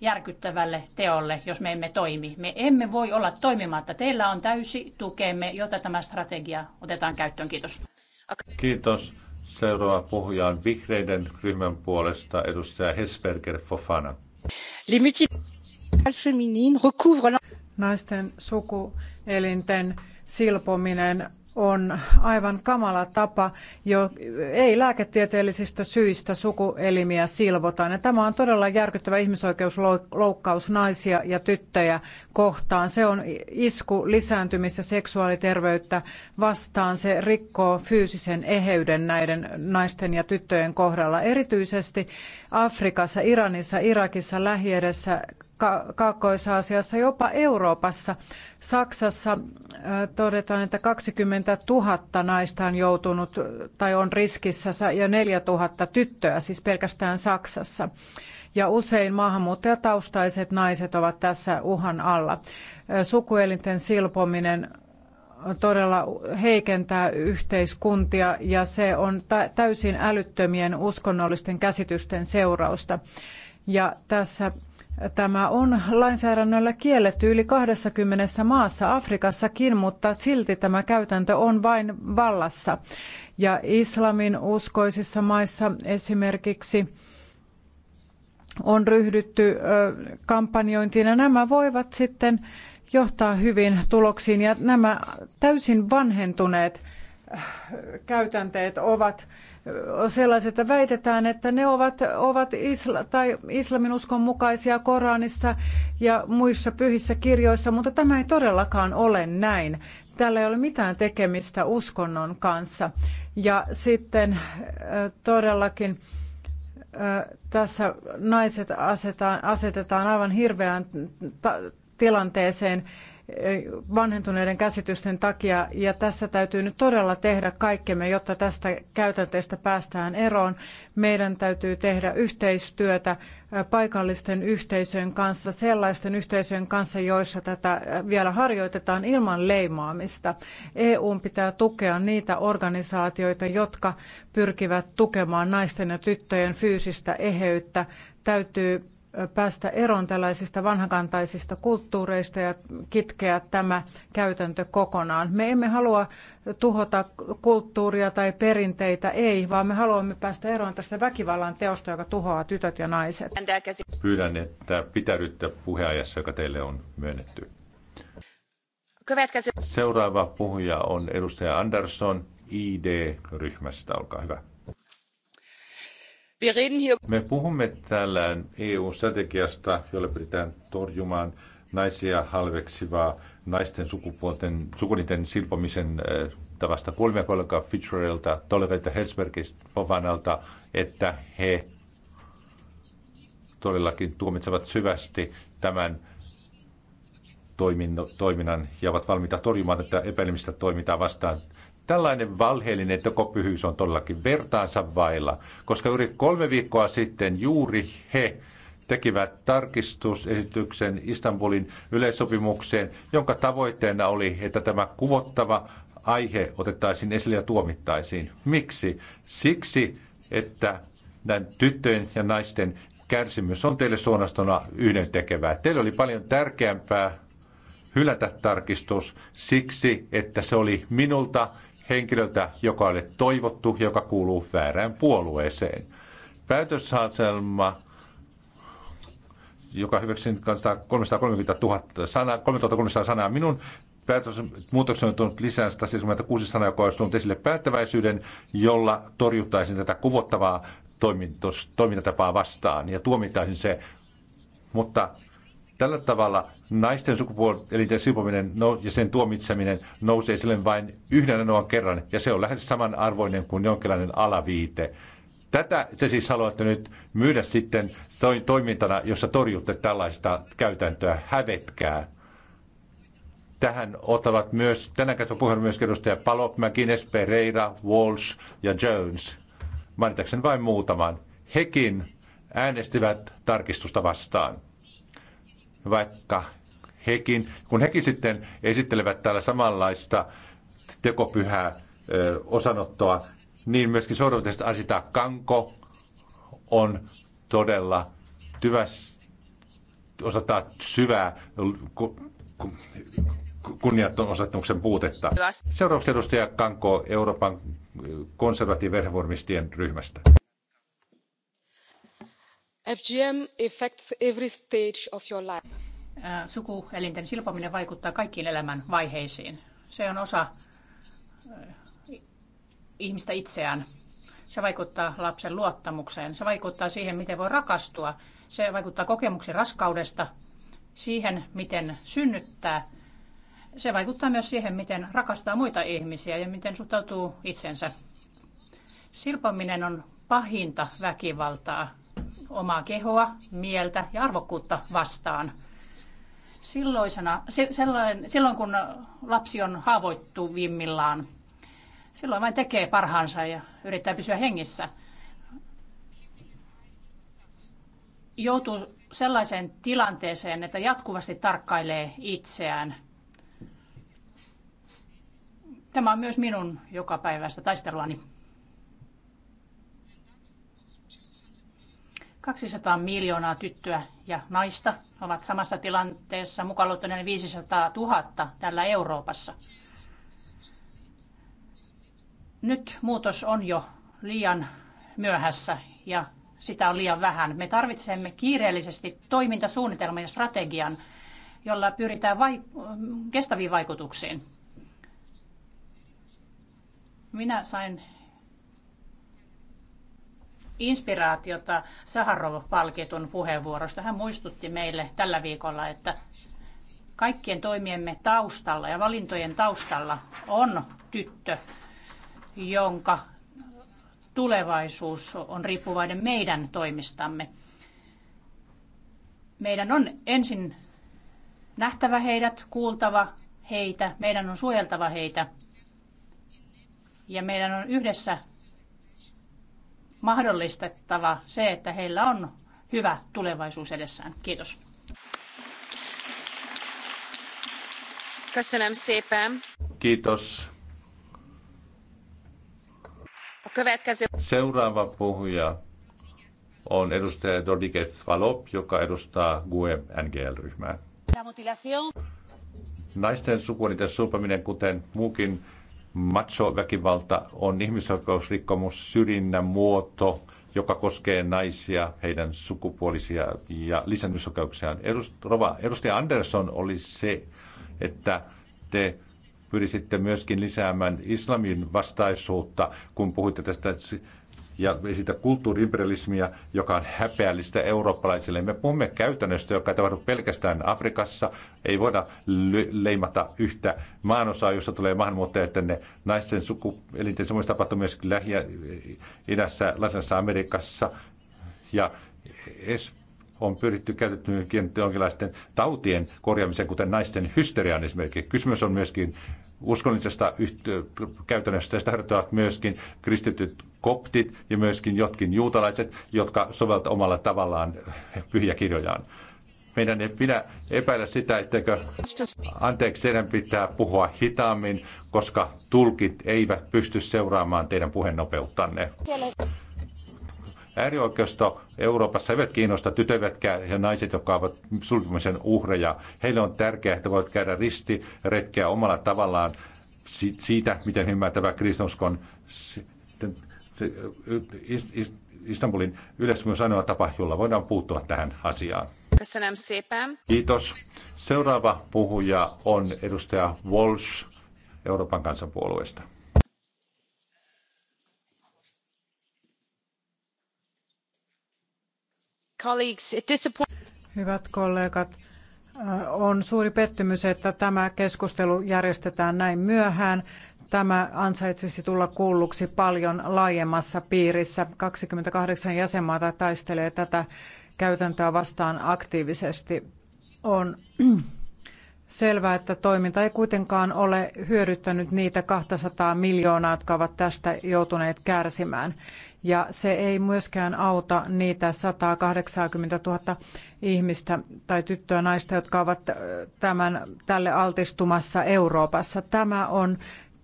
järkyttävälle teolle, jos me emme toimi. Me emme voi olla toimimatta. Teillä on täysi tukemme, jotta tämä strategia otetaan käyttöön. Kiitos. Kiitos. Seuraava puhuja on vihreiden ryhmän puolesta edustaja Hesberger Fofana. Naisten sukuelinten silpominen on aivan kamala tapa, jo ei lääketieteellisistä syistä sukuelimiä silvotaan. Ja tämä on todella järkyttävä ihmisoikeusloukkaus naisia ja tyttöjä kohtaan. Se on isku lisääntymis- ja seksuaaliterveyttä vastaan. Se rikkoo fyysisen eheyden näiden naisten ja tyttöjen kohdalla. Erityisesti Afrikassa, Iranissa, Irakissa, lähi Kaakkois-Aasiassa, jopa Euroopassa. Saksassa äh, todetaan, että 20 000 naista on joutunut tai on riskissä ja 4 000 tyttöä, siis pelkästään Saksassa. Ja usein maahanmuuttajataustaiset naiset ovat tässä uhan alla. Äh, sukuelinten silpominen äh, todella heikentää yhteiskuntia ja se on täysin älyttömien uskonnollisten käsitysten seurausta. Ja tässä Tämä on lainsäädännöllä kielletty yli 20 maassa Afrikassakin, mutta silti tämä käytäntö on vain vallassa. Ja islamin uskoisissa maissa esimerkiksi on ryhdytty kampanjointiin ja nämä voivat sitten johtaa hyvin tuloksiin ja nämä täysin vanhentuneet käytänteet ovat on sellaiset, että väitetään, että ne ovat, ovat isla, tai islamin uskon mukaisia Koranissa ja muissa pyhissä kirjoissa, mutta tämä ei todellakaan ole näin. Tällä ei ole mitään tekemistä uskonnon kanssa. Ja sitten todellakin tässä naiset asetetaan, asetetaan aivan hirveään tilanteeseen vanhentuneiden käsitysten takia ja tässä täytyy nyt todella tehdä kaikkemme, jotta tästä käytänteestä päästään eroon. Meidän täytyy tehdä yhteistyötä paikallisten yhteisöjen kanssa, sellaisten yhteisöjen kanssa, joissa tätä vielä harjoitetaan ilman leimaamista. EUn pitää tukea niitä organisaatioita, jotka pyrkivät tukemaan naisten ja tyttöjen fyysistä eheyttä. Täytyy päästä eroon tällaisista vanhakantaisista kulttuureista ja kitkeä tämä käytäntö kokonaan. Me emme halua tuhota kulttuuria tai perinteitä, ei, vaan me haluamme päästä eroon tästä väkivallan teosta, joka tuhoaa tytöt ja naiset. Pyydän, että pitäydytte puheajassa, joka teille on myönnetty. Seuraava puhuja on edustaja Andersson ID-ryhmästä. Olkaa hyvä. Me puhumme täällä EU-strategiasta, jolla pyritään torjumaan naisia halveksivaa naisten sukupuolten, sukuniten silpomisen äh, tavasta. Kuulimme kollega Fitzgeraldilta, Tolevelta, Helsbergistä, Povanalta, että he todellakin tuomitsevat syvästi tämän toiminnan ja ovat valmiita torjumaan tätä epäilemistä toimintaa vastaan. Tällainen valheellinen tekopyhyys on todellakin vertaansa vailla, koska yli kolme viikkoa sitten juuri he tekivät tarkistusesityksen Istanbulin yleissopimukseen, jonka tavoitteena oli, että tämä kuvottava aihe otettaisiin esille ja tuomittaisiin. Miksi? Siksi, että näin tyttöjen ja naisten kärsimys on teille suunnastona yhdentekevää. Teille oli paljon tärkeämpää hylätä tarkistus siksi, että se oli minulta henkilöltä, joka oli toivottu, joka kuuluu väärään puolueeseen. Päätösaselma, joka hyväksyi 330 000 sana, 3300 sanaa, minun päätösmuutoksen on tullut lisää 176 sanaa, joka olisi tullut esille päättäväisyyden, jolla torjuttaisiin tätä kuvottavaa toimintatapaa vastaan ja tuomittaisin se. Mutta Tällä tavalla naisten sukupuolielinten silpominen no- ja sen tuomitseminen nousee sille vain yhden ainoan kerran, ja se on lähes samanarvoinen kuin jonkinlainen alaviite. Tätä te siis haluatte nyt myydä sitten toimintana, jossa torjutte tällaista käytäntöä. Hävetkää. Tähän ottavat myös, tänään käytän puheen myös edustaja McGuinness, Pereira, Walsh ja Jones. Mainitakseni vain muutaman. Hekin äänestivät tarkistusta vastaan vaikka hekin, kun hekin sitten esittelevät täällä samanlaista tekopyhää ö, osanottoa, niin myöskin sorvatesta Asita Kanko on todella tyväs, osataan syvää kunnianosoituksen puutetta. Seuraavaksi edustaja Kanko Euroopan konservatiiviverhormistien ryhmästä. FGM affects every stage of your life. Sukuelinten silpominen vaikuttaa kaikkiin elämän vaiheisiin. Se on osa ihmistä itseään. Se vaikuttaa lapsen luottamukseen. Se vaikuttaa siihen, miten voi rakastua. Se vaikuttaa kokemuksiin raskaudesta, siihen, miten synnyttää. Se vaikuttaa myös siihen, miten rakastaa muita ihmisiä ja miten suhtautuu itsensä. Silpominen on pahinta väkivaltaa, omaa kehoa, mieltä ja arvokkuutta vastaan. Silloisena, se, sellainen, silloin kun lapsi on haavoittuvimmillaan, silloin vain tekee parhaansa ja yrittää pysyä hengissä. Joutuu sellaiseen tilanteeseen, että jatkuvasti tarkkailee itseään. Tämä on myös minun jokapäiväistä taisteluani. 200 miljoonaa tyttöä ja naista ovat samassa tilanteessa, mukaan 500 000 täällä Euroopassa. Nyt muutos on jo liian myöhässä ja sitä on liian vähän. Me tarvitsemme kiireellisesti toimintasuunnitelman ja strategian, jolla pyritään vai- kestäviin vaikutuksiin. Minä sain inspiraatiota Saharov-palkitun puheenvuorosta. Hän muistutti meille tällä viikolla, että kaikkien toimiemme taustalla ja valintojen taustalla on tyttö, jonka tulevaisuus on riippuvainen meidän toimistamme. Meidän on ensin nähtävä heidät, kuultava heitä, meidän on suojeltava heitä ja meidän on yhdessä mahdollistettava se, että heillä on hyvä tulevaisuus edessään. Kiitos. Köszönöm szépen. Kiitos. Seuraava puhuja on edustaja Rodriguez Valop, joka edustaa GUE NGL-ryhmää. Naisten sukuelinten surpaminen, kuten muukin Macho-väkivalta on ihmisoikeusrikkomus, syrjinnän muoto, joka koskee naisia, heidän sukupuolisia ja lisääntymisoikeuksiaan. Edustaja Andersson oli se, että te pyrisitte myöskin lisäämään islamin vastaisuutta, kun puhuitte tästä ja sitä kulttuuriimperialismia, joka on häpeällistä eurooppalaisille. Me puhumme käytännöstä, joka ei tapahdu pelkästään Afrikassa. Ei voida leimata yhtä maanosaa, jossa tulee maahanmuuttajia tänne naisten sukuelinten samoista tapahtuu myös Lähi-idässä, Lasenassa, Amerikassa ja es on pyritty käytettyä jonkinlaisten tautien korjaamiseen, kuten naisten hysteriaan esimerkiksi. Kysymys on myöskin uskonnollisesta käytännöstä tästä harjoittavat myöskin kristityt koptit ja myöskin jotkin juutalaiset, jotka soveltavat omalla tavallaan pyhiä kirjojaan. Meidän ei pidä epäillä sitä, etteikö, anteeksi, teidän pitää puhua hitaammin, koska tulkit eivät pysty seuraamaan teidän puhenopeuttanne. Äärioikeisto Euroopassa eivät kiinnosta tytövätkään ja naiset, jotka ovat sulkemisen uhreja. Heille on tärkeää, että voivat käydä risti retkeä omalla tavallaan siitä, miten ymmärtävä kristinuskon Istanbulin yleissopimus ainoa tapa, jolla voidaan puuttua tähän asiaan. Kiitos. Seuraava puhuja on edustaja Walsh Euroopan kansanpuolueesta. Hyvät kollegat, äh, on suuri pettymys, että tämä keskustelu järjestetään näin myöhään. Tämä ansaitsisi tulla kuulluksi paljon laajemmassa piirissä. 28 jäsenmaata taistelee tätä käytäntöä vastaan aktiivisesti. On selvää, että toiminta ei kuitenkaan ole hyödyttänyt niitä 200 miljoonaa, jotka ovat tästä joutuneet kärsimään ja se ei myöskään auta niitä 180 000 ihmistä tai tyttöä naista, jotka ovat tämän, tälle altistumassa Euroopassa. Tämä on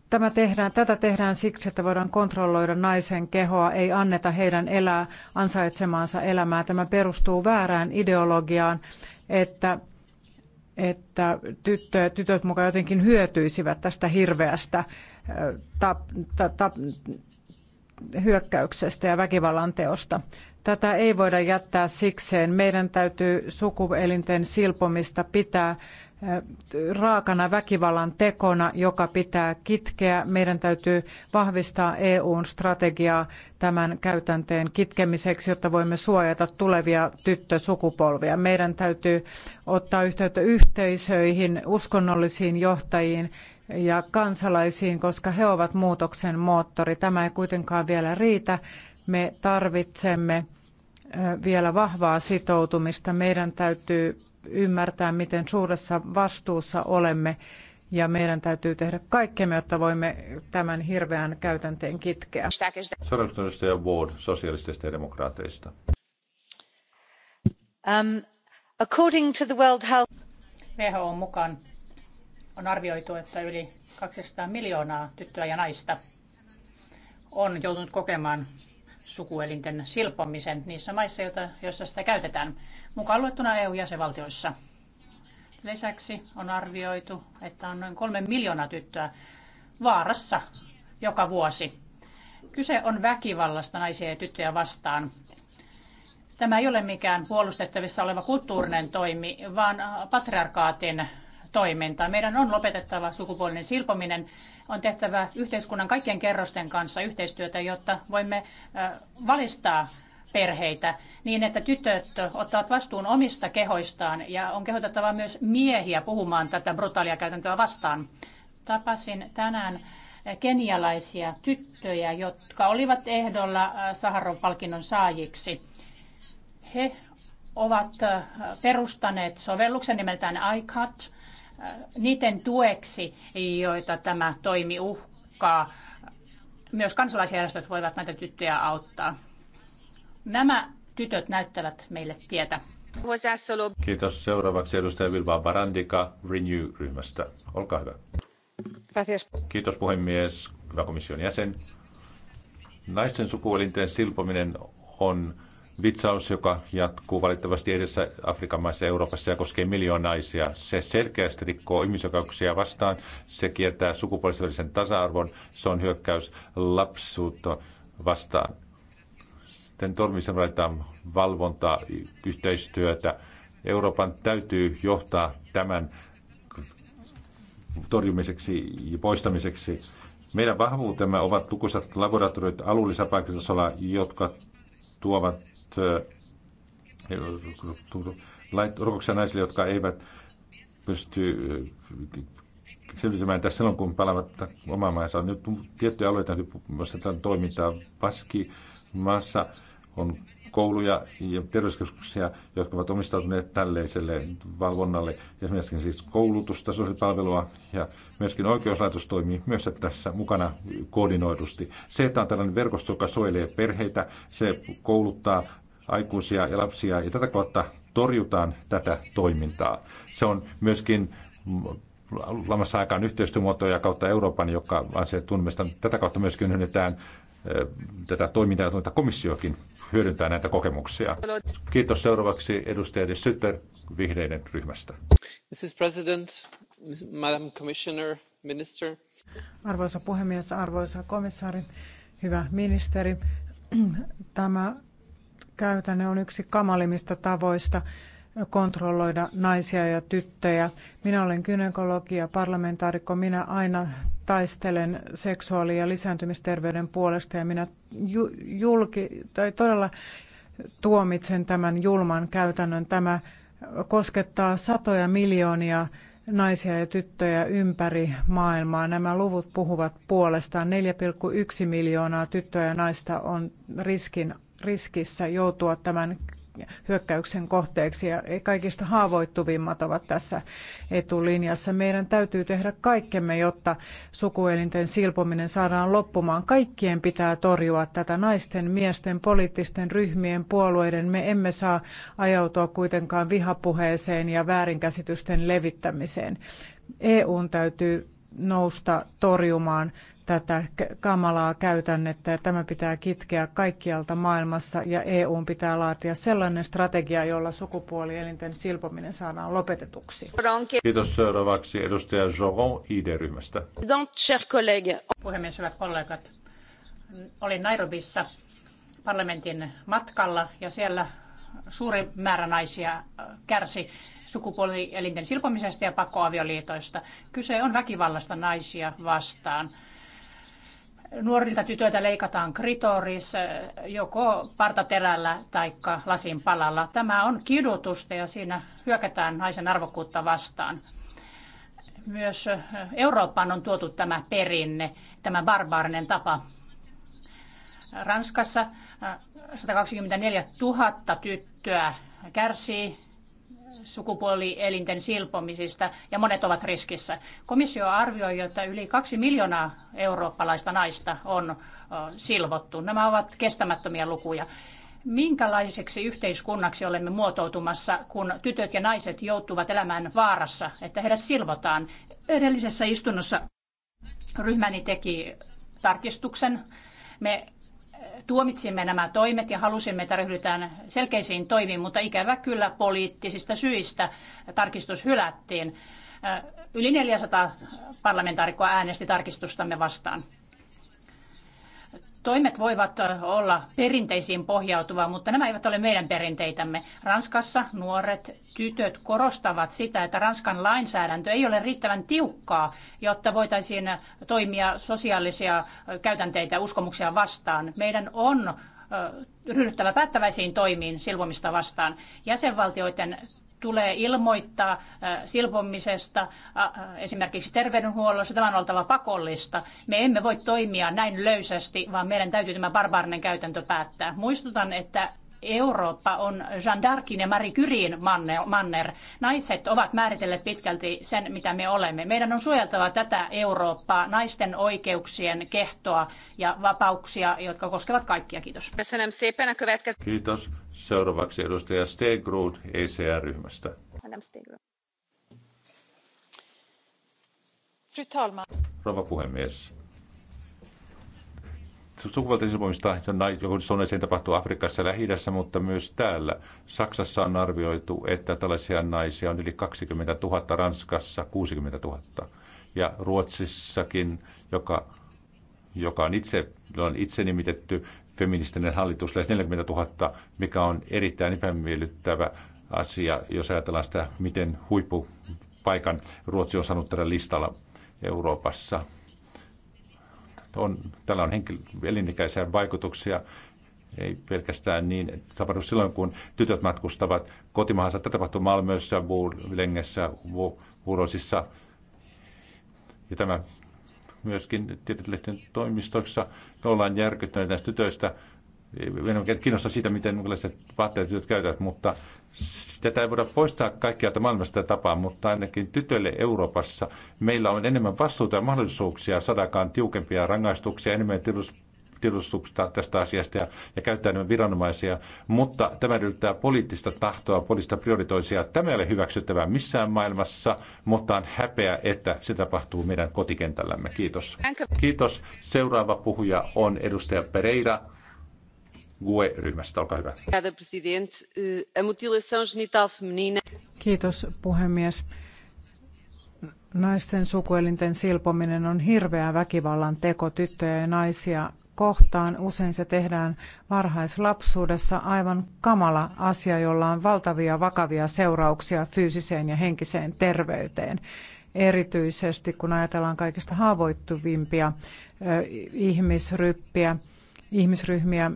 Tämä tehdään, tätä tehdään siksi, että voidaan kontrolloida naisen kehoa, ei anneta heidän elää ansaitsemaansa elämää. Tämä perustuu väärään ideologiaan, että että tyttö, tytöt mukaan jotenkin hyötyisivät tästä hirveästä ta, ta, ta, hyökkäyksestä ja väkivallan teosta. Tätä ei voida jättää sikseen. Meidän täytyy sukuelinten silpomista pitää eh, raakana väkivallan tekona, joka pitää kitkeä. Meidän täytyy vahvistaa EUn strategiaa tämän käytänteen kitkemiseksi, jotta voimme suojata tulevia tyttösukupolvia. Meidän täytyy ottaa yhteyttä yhteisöihin, uskonnollisiin johtajiin ja kansalaisiin, koska he ovat muutoksen moottori. Tämä ei kuitenkaan vielä riitä. Me tarvitsemme vielä vahvaa sitoutumista. Meidän täytyy ymmärtää, miten suuressa vastuussa olemme ja meidän täytyy tehdä kaikkemme, jotta voimme tämän hirveän käytänteen kitkeä. ja Ward sosialistista ja demokraateista. Um, according to the World Health... WHO mukaan on arvioitu, että yli 200 miljoonaa tyttöä ja naista on joutunut kokemaan sukuelinten silpomisen niissä maissa, joissa sitä käytetään, mukaan luettuna EU-jäsenvaltioissa. Lisäksi on arvioitu, että on noin kolme miljoonaa tyttöä vaarassa joka vuosi. Kyse on väkivallasta naisia ja tyttöjä vastaan. Tämä ei ole mikään puolustettavissa oleva kulttuurinen toimi, vaan patriarkaatin toimintaa. Meidän on lopetettava sukupuolinen silpominen. On tehtävä yhteiskunnan kaikkien kerrosten kanssa yhteistyötä, jotta voimme valistaa perheitä niin, että tytöt ottavat vastuun omista kehoistaan ja on kehotettava myös miehiä puhumaan tätä brutaalia käytäntöä vastaan. Tapasin tänään kenialaisia tyttöjä, jotka olivat ehdolla Saharov-palkinnon saajiksi. He ovat perustaneet sovelluksen nimeltään iCut, niiden tueksi, joita tämä toimi uhkaa. Myös kansalaisjärjestöt voivat näitä tyttöjä auttaa. Nämä tytöt näyttävät meille tietä. Kiitos. Seuraavaksi edustaja Vilva Barandika Renew-ryhmästä. Olkaa hyvä. Gracias. Kiitos puhemies, hyvä komission jäsen. Naisten sukuelinten silpominen on vitsaus, joka jatkuu valitettavasti edessä Afrikan maissa ja Euroopassa ja koskee miljoonaisia. Se selkeästi rikkoo ihmisoikeuksia vastaan, se kiertää sukupuolisen tasa-arvon, se on hyökkäys lapsuutta vastaan. Sitten tormisen valvontaa, yhteistyötä. Euroopan täytyy johtaa tämän torjumiseksi ja poistamiseksi. Meidän vahvuutemme ovat lukuisat laboratoriot alueellisella paikalla, jotka tuovat rukoksia naisille, jotka eivät pysty selvitymään tässä silloin, kun palaavat maassa, maansa. Nyt tiettyjä alueita, joissa tätä toimintaa Paski maassa on kouluja ja terveyskeskuksia, jotka ovat omistautuneet tälleiselle valvonnalle, ja myöskin siis koulutusta, sosiaalipalvelua ja myöskin oikeuslaitos toimii myös tässä mukana koordinoidusti. Se, että on tällainen verkosto, joka suojelee perheitä, se kouluttaa aikuisia ja lapsia, ja tätä kautta torjutaan tätä toimintaa. Se on myöskin lamassa aikaan yhteistyömuotoja kautta Euroopan, joka asiat tunnistan. Tätä kautta myöskin yhdennetään tätä toimintaa, jota komissiokin hyödyntää näitä kokemuksia. Kiitos seuraavaksi edustaja Sutter vihreiden ryhmästä. Mrs. President, Madam Commissioner, Minister. Arvoisa puhemies, arvoisa komissaari, hyvä ministeri. Tämä käytäne on yksi kamalimmista tavoista kontrolloida naisia ja tyttöjä. Minä olen gynekologi ja parlamentaarikko. Minä aina taistelen seksuaali- ja lisääntymisterveyden puolesta ja minä ju- julki, tai todella tuomitsen tämän julman käytännön. Tämä koskettaa satoja miljoonia naisia ja tyttöjä ympäri maailmaa. Nämä luvut puhuvat puolestaan. 4,1 miljoonaa tyttöä ja naista on riskin, riskissä joutua tämän hyökkäyksen kohteeksi ja kaikista haavoittuvimmat ovat tässä etulinjassa. Meidän täytyy tehdä kaikkemme, jotta sukuelinten silpominen saadaan loppumaan. Kaikkien pitää torjua tätä naisten, miesten, poliittisten ryhmien, puolueiden. Me emme saa ajautua kuitenkaan vihapuheeseen ja väärinkäsitysten levittämiseen. EUn täytyy nousta torjumaan tätä kamalaa käytännettä ja tämä pitää kitkeä kaikkialta maailmassa ja EUn pitää laatia sellainen strategia, jolla sukupuolielinten silpominen saadaan lopetetuksi. Kiitos seuraavaksi edustaja Joron ID-ryhmästä. Puhemies, hyvät kollegat. Olin Nairobissa parlamentin matkalla ja siellä suuri määrä naisia kärsi sukupuolielinten silpomisesta ja pakkoavioliitoista. Kyse on väkivallasta naisia vastaan. Nuorilta tytöiltä leikataan kritoris joko partaterällä tai lasin palalla. Tämä on kidutusta ja siinä hyökätään naisen arvokkuutta vastaan. Myös Eurooppaan on tuotu tämä perinne, tämä barbaarinen tapa. Ranskassa 124 000 tyttöä kärsii sukupuolielinten silpomisista ja monet ovat riskissä. Komissio arvioi, että yli kaksi miljoonaa eurooppalaista naista on silvottu. Nämä ovat kestämättömiä lukuja. Minkälaiseksi yhteiskunnaksi olemme muotoutumassa, kun tytöt ja naiset joutuvat elämään vaarassa, että heidät silvotaan? Edellisessä istunnossa ryhmäni teki tarkistuksen. Me tuomitsimme nämä toimet ja halusimme, että ryhdytään selkeisiin toimiin, mutta ikävä kyllä poliittisista syistä tarkistus hylättiin. Äh, yli 400 parlamentaarikkoa äänesti tarkistustamme vastaan. Toimet voivat olla perinteisiin pohjautuva, mutta nämä eivät ole meidän perinteitämme. Ranskassa nuoret tytöt korostavat sitä, että Ranskan lainsäädäntö ei ole riittävän tiukkaa, jotta voitaisiin toimia sosiaalisia käytänteitä ja uskomuksia vastaan. Meidän on ryhdyttävä päättäväisiin toimiin silvomista vastaan. Jäsenvaltioiden tulee ilmoittaa äh, silpomisesta äh, äh, esimerkiksi terveydenhuollossa. Tämä on oltava pakollista. Me emme voi toimia näin löysästi, vaan meidän täytyy tämä barbaarinen käytäntö päättää. Muistutan, että Eurooppa on Jean d'Arcin ja Marie Curien manner. Naiset ovat määritelleet pitkälti sen, mitä me olemme. Meidän on suojeltava tätä Eurooppaa, naisten oikeuksien kehtoa ja vapauksia, jotka koskevat kaikkia. Kiitos. Kiitos. Seuraavaksi edustaja Stegrud ECR-ryhmästä. Fru Rouva puhemies sukupuolten silpomista, joka suunnilleen tapahtuu Afrikassa ja lähi mutta myös täällä. Saksassa on arvioitu, että tällaisia naisia on yli 20 000, Ranskassa 60 000. Ja Ruotsissakin, joka, joka on, itse, on itse nimitetty feministinen hallitus, lähes 40 000, mikä on erittäin epämiellyttävä asia, jos ajatellaan sitä, miten huippupaikan Ruotsi on saanut tällä listalla Euroopassa on, tällä on henkil- elinikäisiä vaikutuksia, ei pelkästään niin tapahdu silloin, kun tytöt matkustavat kotimaahansa. Tätä tapahtuu Malmössä, Vuulengessä, Vuurosissa. Ja tämä myöskin tieteellisten toimistoissa ollaan järkyttäneet näistä tytöistä. En kiinnosta siitä, miten millaiset vaatteet tytöt käytävät, mutta Tätä ei voida poistaa kaikkialta maailmasta tapaa, mutta ainakin tytöille Euroopassa meillä on enemmän vastuuta ja mahdollisuuksia sadakaan tiukempia rangaistuksia, enemmän tiedostuksesta tästä asiasta ja, ja käyttää enemmän viranomaisia, mutta tämä edellyttää poliittista tahtoa, poliittista prioritoisia. Tämä ei ole hyväksyttävää missään maailmassa, mutta on häpeä, että se tapahtuu meidän kotikentällämme. Kiitos. Kiitos. Seuraava puhuja on edustaja Pereira. GUE-ryhmästä. Olkaa hyvä. Eh, Kiitos puhemies. Naisten sukuelinten silpominen on hirveä väkivallan teko tyttöjä ja naisia kohtaan. Usein se tehdään varhaislapsuudessa aivan kamala asia, jolla on valtavia vakavia seurauksia fyysiseen ja henkiseen terveyteen. Erityisesti kun ajatellaan kaikista haavoittuvimpia eh, ihmisryppiä, ihmisryhmiä,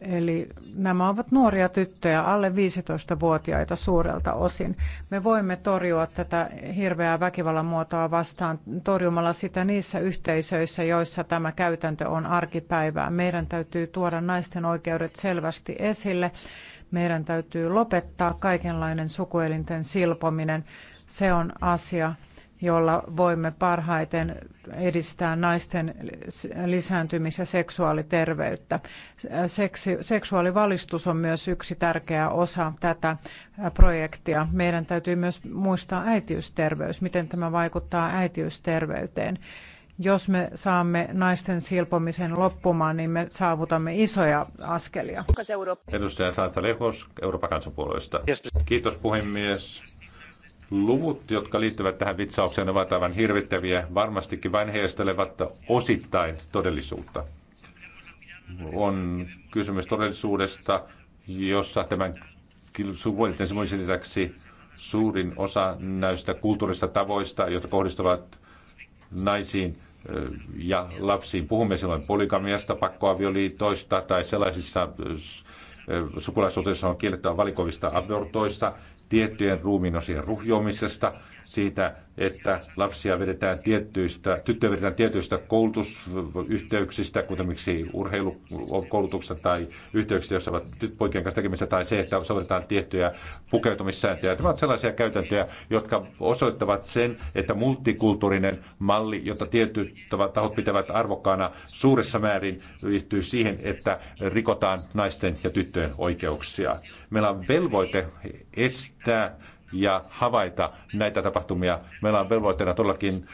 Eli nämä ovat nuoria tyttöjä, alle 15-vuotiaita suurelta osin. Me voimme torjua tätä hirveää väkivallan muotoa vastaan torjumalla sitä niissä yhteisöissä, joissa tämä käytäntö on arkipäivää. Meidän täytyy tuoda naisten oikeudet selvästi esille. Meidän täytyy lopettaa kaikenlainen sukuelinten silpominen. Se on asia, jolla voimme parhaiten edistää naisten lisääntymis- ja seksuaaliterveyttä. Seksi, seksuaalivalistus on myös yksi tärkeä osa tätä projektia. Meidän täytyy myös muistaa äitiysterveys, miten tämä vaikuttaa äitiysterveyteen jos me saamme naisten silpomisen loppumaan, niin me saavutamme isoja askelia. Edustaja Saita Lehos Euroopan kansanpuolueesta. Kiitos puhemies. Luvut, jotka liittyvät tähän vitsaukseen, ovat aivan hirvittäviä. Varmastikin vain heijastelevat osittain todellisuutta. On kysymys todellisuudesta, jossa tämän semmoisen lisäksi suurin osa näistä kulttuurista tavoista, jotka kohdistuvat naisiin ja lapsiin. Puhumme silloin poligamiasta, pakkoavioliitoista tai sellaisissa sukulaisuuteissa on kiellettävä valikovista abortoista – tiettyjen ruumiinosien ruhjoamisesta siitä, että lapsia vedetään tietyistä, tyttöjä vedetään tietyistä koulutusyhteyksistä, kuten miksi urheilukoulutuksesta tai yhteyksistä, joissa ovat poikien kanssa tekemistä, tai se, että sovitetaan tiettyjä pukeutumissääntöjä. Tämä ovat sellaisia käytäntöjä, jotka osoittavat sen, että multikulttuurinen malli, jota tietyt tahot pitävät arvokkaana suuressa määrin, liittyy siihen, että rikotaan naisten ja tyttöjen oikeuksia. Meillä on velvoite estää ja havaita näitä tapahtumia. Meillä on velvoitteena todellakin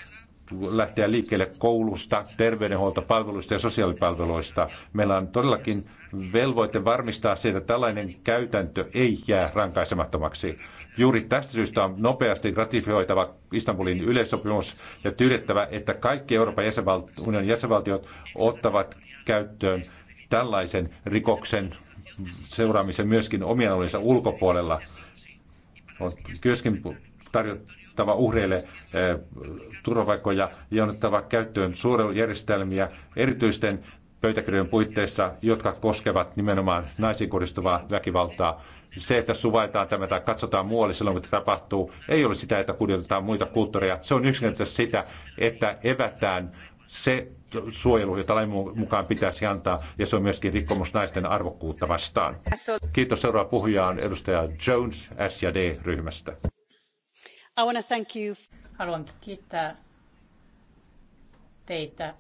lähteä liikkeelle koulusta, terveydenhuoltopalveluista ja sosiaalipalveluista. Meillä on todellakin velvoite varmistaa se, että tällainen käytäntö ei jää rankaisemattomaksi. Juuri tästä syystä on nopeasti ratifioitava Istanbulin yleissopimus ja tyydettävä, että kaikki Euroopan jäsenvalti- unionin jäsenvaltiot ottavat käyttöön tällaisen rikoksen seuraamisen myöskin omien alueensa ulkopuolella. On myöskin tarjottava uhreille eh, turvapaikkoja ja on otettava käyttöön suojelujärjestelmiä erityisten pöytäkirjojen puitteissa, jotka koskevat nimenomaan naisiin kohdistuvaa väkivaltaa. Se, että suvaitaan tämä tai katsotaan muualle silloin, kun tämä tapahtuu, ei ole sitä, että kunnioitetaan muita kulttuureja. Se on yksinkertaisesti sitä, että evätään se suojelu, jota lain mukaan pitäisi antaa, ja se on myöskin rikkomus naisten arvokkuutta vastaan. Kiitos seuraava puhujaan edustaja Jones S&D-ryhmästä. Haluan kiittää teitä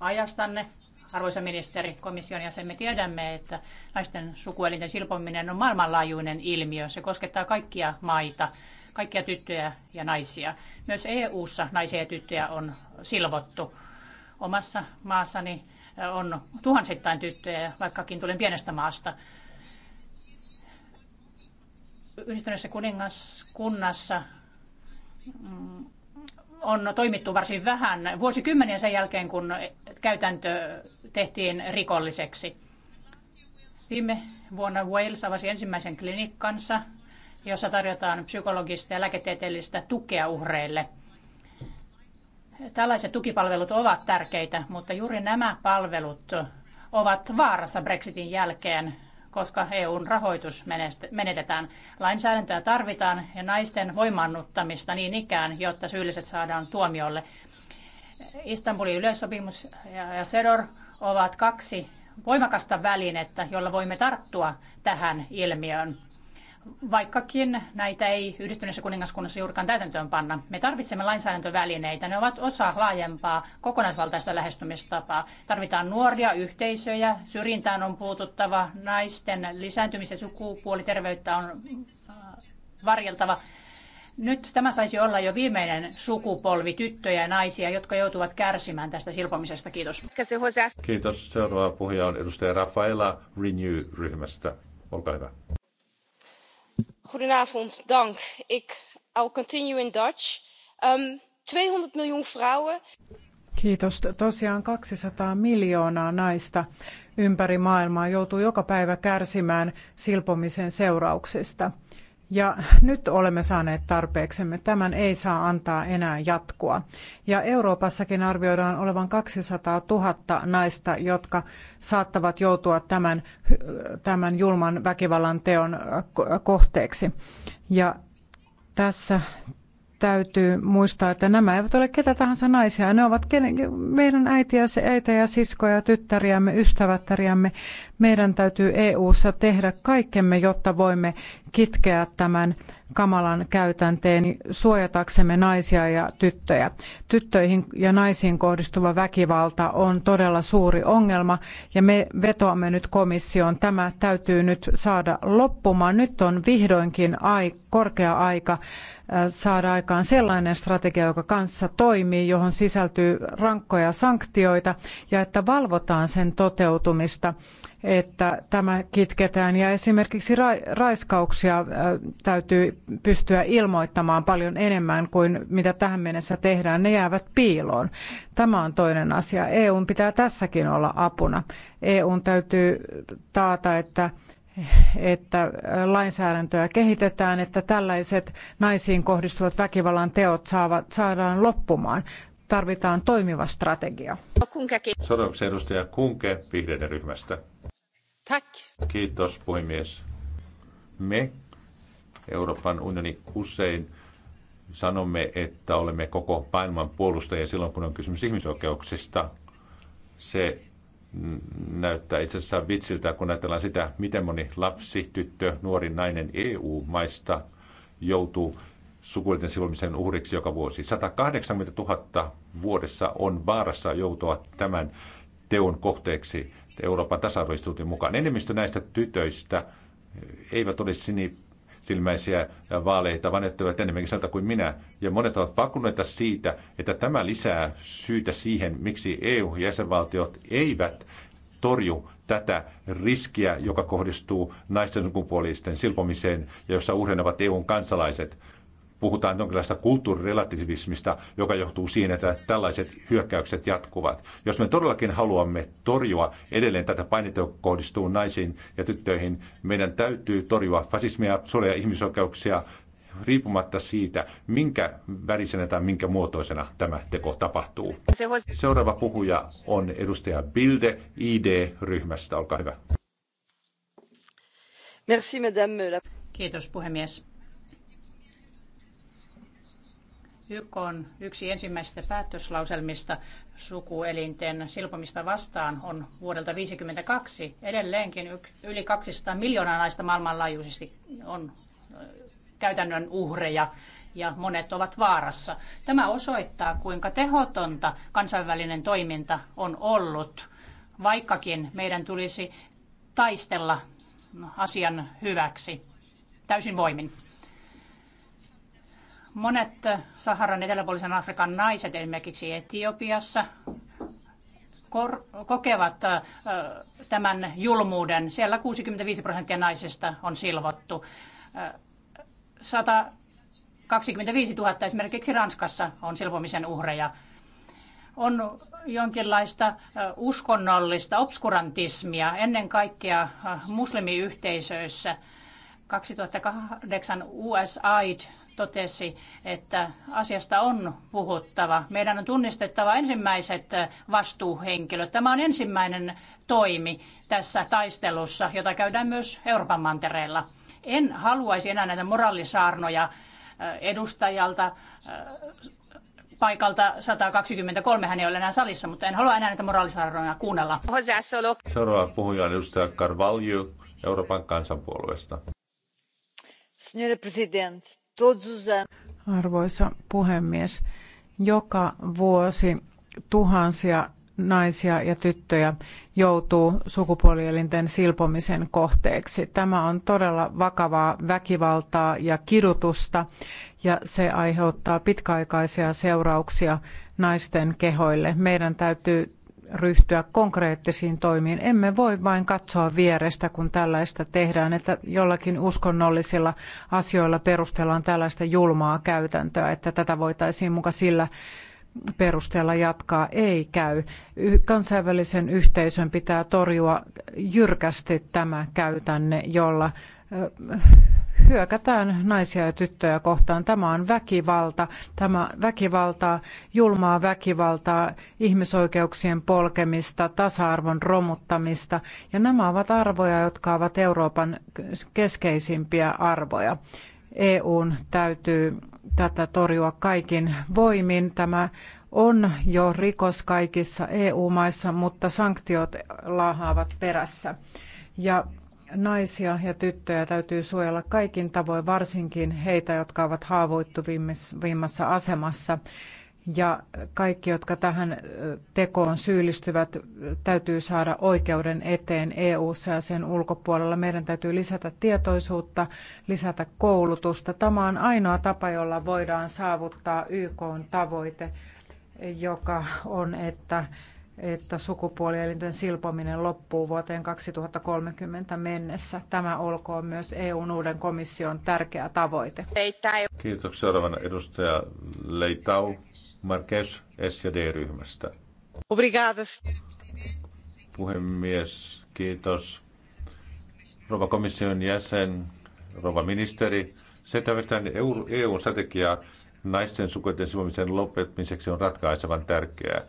ajastanne, arvoisa ministeri, komission jäsen. Me tiedämme, että naisten sukuelinten silpominen on maailmanlaajuinen ilmiö. Se koskettaa kaikkia maita, kaikkia tyttöjä ja naisia. Myös EU:ssa naisia ja tyttöjä on silvottu. Omassa maassani äh, on tuhansittain tyttöjä, vaikkakin tulen pienestä maasta. Yhdistyneessä kuningaskunnassa mm, on toimittu varsin vähän vuosikymmeniä sen jälkeen, kun käytäntö tehtiin rikolliseksi. Viime vuonna Wales avasi ensimmäisen klinikkansa, jossa tarjotaan psykologista ja lääketieteellistä tukea uhreille – Tällaiset tukipalvelut ovat tärkeitä, mutta juuri nämä palvelut ovat vaarassa Brexitin jälkeen, koska EUn rahoitus menetetään. Lainsäädäntöä tarvitaan ja naisten voimannuttamista niin ikään, jotta syylliset saadaan tuomiolle. Istanbulin yleissopimus ja SEDOR ovat kaksi voimakasta välinettä, jolla voimme tarttua tähän ilmiöön vaikkakin näitä ei yhdistyneessä kuningaskunnassa juurikaan täytäntöön panna. Me tarvitsemme lainsäädäntövälineitä. Ne ovat osa laajempaa kokonaisvaltaista lähestymistapaa. Tarvitaan nuoria yhteisöjä, syrjintään on puututtava, naisten lisääntymis- ja sukupuoliterveyttä on äh, varjeltava. Nyt tämä saisi olla jo viimeinen sukupolvi tyttöjä ja naisia, jotka joutuvat kärsimään tästä silpomisesta. Kiitos. Kiitos. Seuraava puhuja on edustaja Rafaela Renew-ryhmästä. Olkaa hyvä goedenavond ik i'll continue in dutch. Um, ehm, 200 miljoen vrouwen. Kiitos. Tosiaan 200 miljoonaa naista ympäri maailmaa joutuu joka päivä kärsimään silpomisen seurauksista. Ja nyt olemme saaneet tarpeeksemme. Tämän ei saa antaa enää jatkua. Ja Euroopassakin arvioidaan olevan 200 000 naista, jotka saattavat joutua tämän, tämän julman väkivallan teon kohteeksi. Ja tässä täytyy muistaa, että nämä eivät ole ketä tahansa naisia. Ne ovat meidän äitiä, äitejä, siskoja, tyttäriämme, ystävättäriämme, meidän täytyy EU:ssa tehdä kaikkemme, jotta voimme kitkeä tämän kamalan käytänteen suojataksemme naisia ja tyttöjä. Tyttöihin ja naisiin kohdistuva väkivalta on todella suuri ongelma ja me vetoamme nyt komissioon. Tämä täytyy nyt saada loppumaan. Nyt on vihdoinkin ai, korkea aika äh, saada aikaan sellainen strategia, joka kanssa toimii, johon sisältyy rankkoja sanktioita ja että valvotaan sen toteutumista että tämä kitketään ja esimerkiksi raiskauksia äh, täytyy pystyä ilmoittamaan paljon enemmän kuin mitä tähän mennessä tehdään. Ne jäävät piiloon. Tämä on toinen asia. EUn pitää tässäkin olla apuna. EUn täytyy taata, että että äh, lainsäädäntöä kehitetään, että tällaiset naisiin kohdistuvat väkivallan teot saavat, saadaan loppumaan tarvitaan toimiva strategia. Seuraavaksi edustaja Kunke vihreiden ryhmästä. Tack. Kiitos puhemies. Me Euroopan unioni usein sanomme, että olemme koko maailman puolustajia silloin, kun on kysymys ihmisoikeuksista. Se näyttää itse asiassa vitsiltä, kun ajatellaan sitä, miten moni lapsi, tyttö, nuori nainen EU-maista joutuu sukuelten silmisen uhriksi joka vuosi. 180 000 vuodessa on vaarassa joutua tämän teon kohteeksi Euroopan tasa mukaan. Enemmistö näistä tytöistä eivät ole sinisilmäisiä vaaleita, vaan näyttävät enemmänkin sieltä kuin minä. Ja monet ovat vakuunneita siitä, että tämä lisää syytä siihen, miksi EU-jäsenvaltiot eivät torju tätä riskiä, joka kohdistuu naisten sukupuolisten silpomiseen jossa uhreina ovat EUn kansalaiset puhutaan jonkinlaista kulttuurirelativismista, joka johtuu siinä, että tällaiset hyökkäykset jatkuvat. Jos me todellakin haluamme torjua edelleen tätä painetta, joka kohdistuu naisiin ja tyttöihin, meidän täytyy torjua fasismia, soria ihmisoikeuksia, riippumatta siitä, minkä värisenä tai minkä muotoisena tämä teko tapahtuu. Seuraava puhuja on edustaja Bilde ID-ryhmästä. Olkaa hyvä. Merci, madame. Kiitos puhemies. YK on yksi ensimmäisistä päätöslauselmista sukuelinten silpomista vastaan on vuodelta 1952. Edelleenkin yli 200 miljoonaa naista maailmanlaajuisesti on käytännön uhreja ja monet ovat vaarassa. Tämä osoittaa, kuinka tehotonta kansainvälinen toiminta on ollut, vaikkakin meidän tulisi taistella asian hyväksi täysin voimin. Monet Saharan eteläpuolisen Afrikan naiset esimerkiksi Etiopiassa kokevat tämän julmuuden. Siellä 65 prosenttia naisista on silvottu. 125 000 esimerkiksi Ranskassa on silpomisen uhreja. On jonkinlaista uskonnollista obskurantismia ennen kaikkea muslimiyhteisöissä. 2008 USAID totesi, että asiasta on puhuttava. Meidän on tunnistettava ensimmäiset vastuuhenkilöt. Tämä on ensimmäinen toimi tässä taistelussa, jota käydään myös Euroopan mantereella. En haluaisi enää näitä moraalisaarnoja äh, edustajalta äh, paikalta 123, hän ei ole enää salissa, mutta en halua enää näitä moraalisaarnoja kuunnella. Seuraava puhuja on edustaja Carvalho Euroopan kansanpuolueesta. Signore Presidente, Arvoisa puhemies, joka vuosi tuhansia naisia ja tyttöjä joutuu sukupuolielinten silpomisen kohteeksi. Tämä on todella vakavaa väkivaltaa ja kidutusta ja se aiheuttaa pitkäaikaisia seurauksia naisten kehoille. Meidän täytyy ryhtyä konkreettisiin toimiin. Emme voi vain katsoa vierestä, kun tällaista tehdään, että jollakin uskonnollisilla asioilla perustellaan tällaista julmaa käytäntöä, että tätä voitaisiin muka sillä perusteella jatkaa ei käy. Kansainvälisen yhteisön pitää torjua jyrkästi tämä käytänne, jolla hyökätään naisia ja tyttöjä kohtaan. Tämä on väkivalta, tämä väkivaltaa, julmaa väkivaltaa, ihmisoikeuksien polkemista, tasa-arvon romuttamista. Ja nämä ovat arvoja, jotka ovat Euroopan keskeisimpiä arvoja. EUn täytyy tätä torjua kaikin voimin. Tämä on jo rikos kaikissa EU-maissa, mutta sanktiot laahaavat perässä. Ja Naisia ja tyttöjä täytyy suojella kaikin tavoin, varsinkin heitä, jotka ovat haavoittuvimmassa asemassa. Ja kaikki, jotka tähän tekoon syyllistyvät, täytyy saada oikeuden eteen EU-ssa ja sen ulkopuolella. Meidän täytyy lisätä tietoisuutta, lisätä koulutusta. Tämä on ainoa tapa, jolla voidaan saavuttaa YK tavoite, joka on, että että sukupuolielinten silpominen loppuu vuoteen 2030 mennessä. Tämä olkoon myös EUn uuden komission tärkeä tavoite. Kiitoksia. Seuraavana edustaja Leitau Marques SD-ryhmästä. Obrigadas. Puhemies, kiitos. Rova komission jäsen, rova ministeri. Se, että EUn strategia naisten sukupuolten silpomisen lopettamiseksi on ratkaisevan tärkeää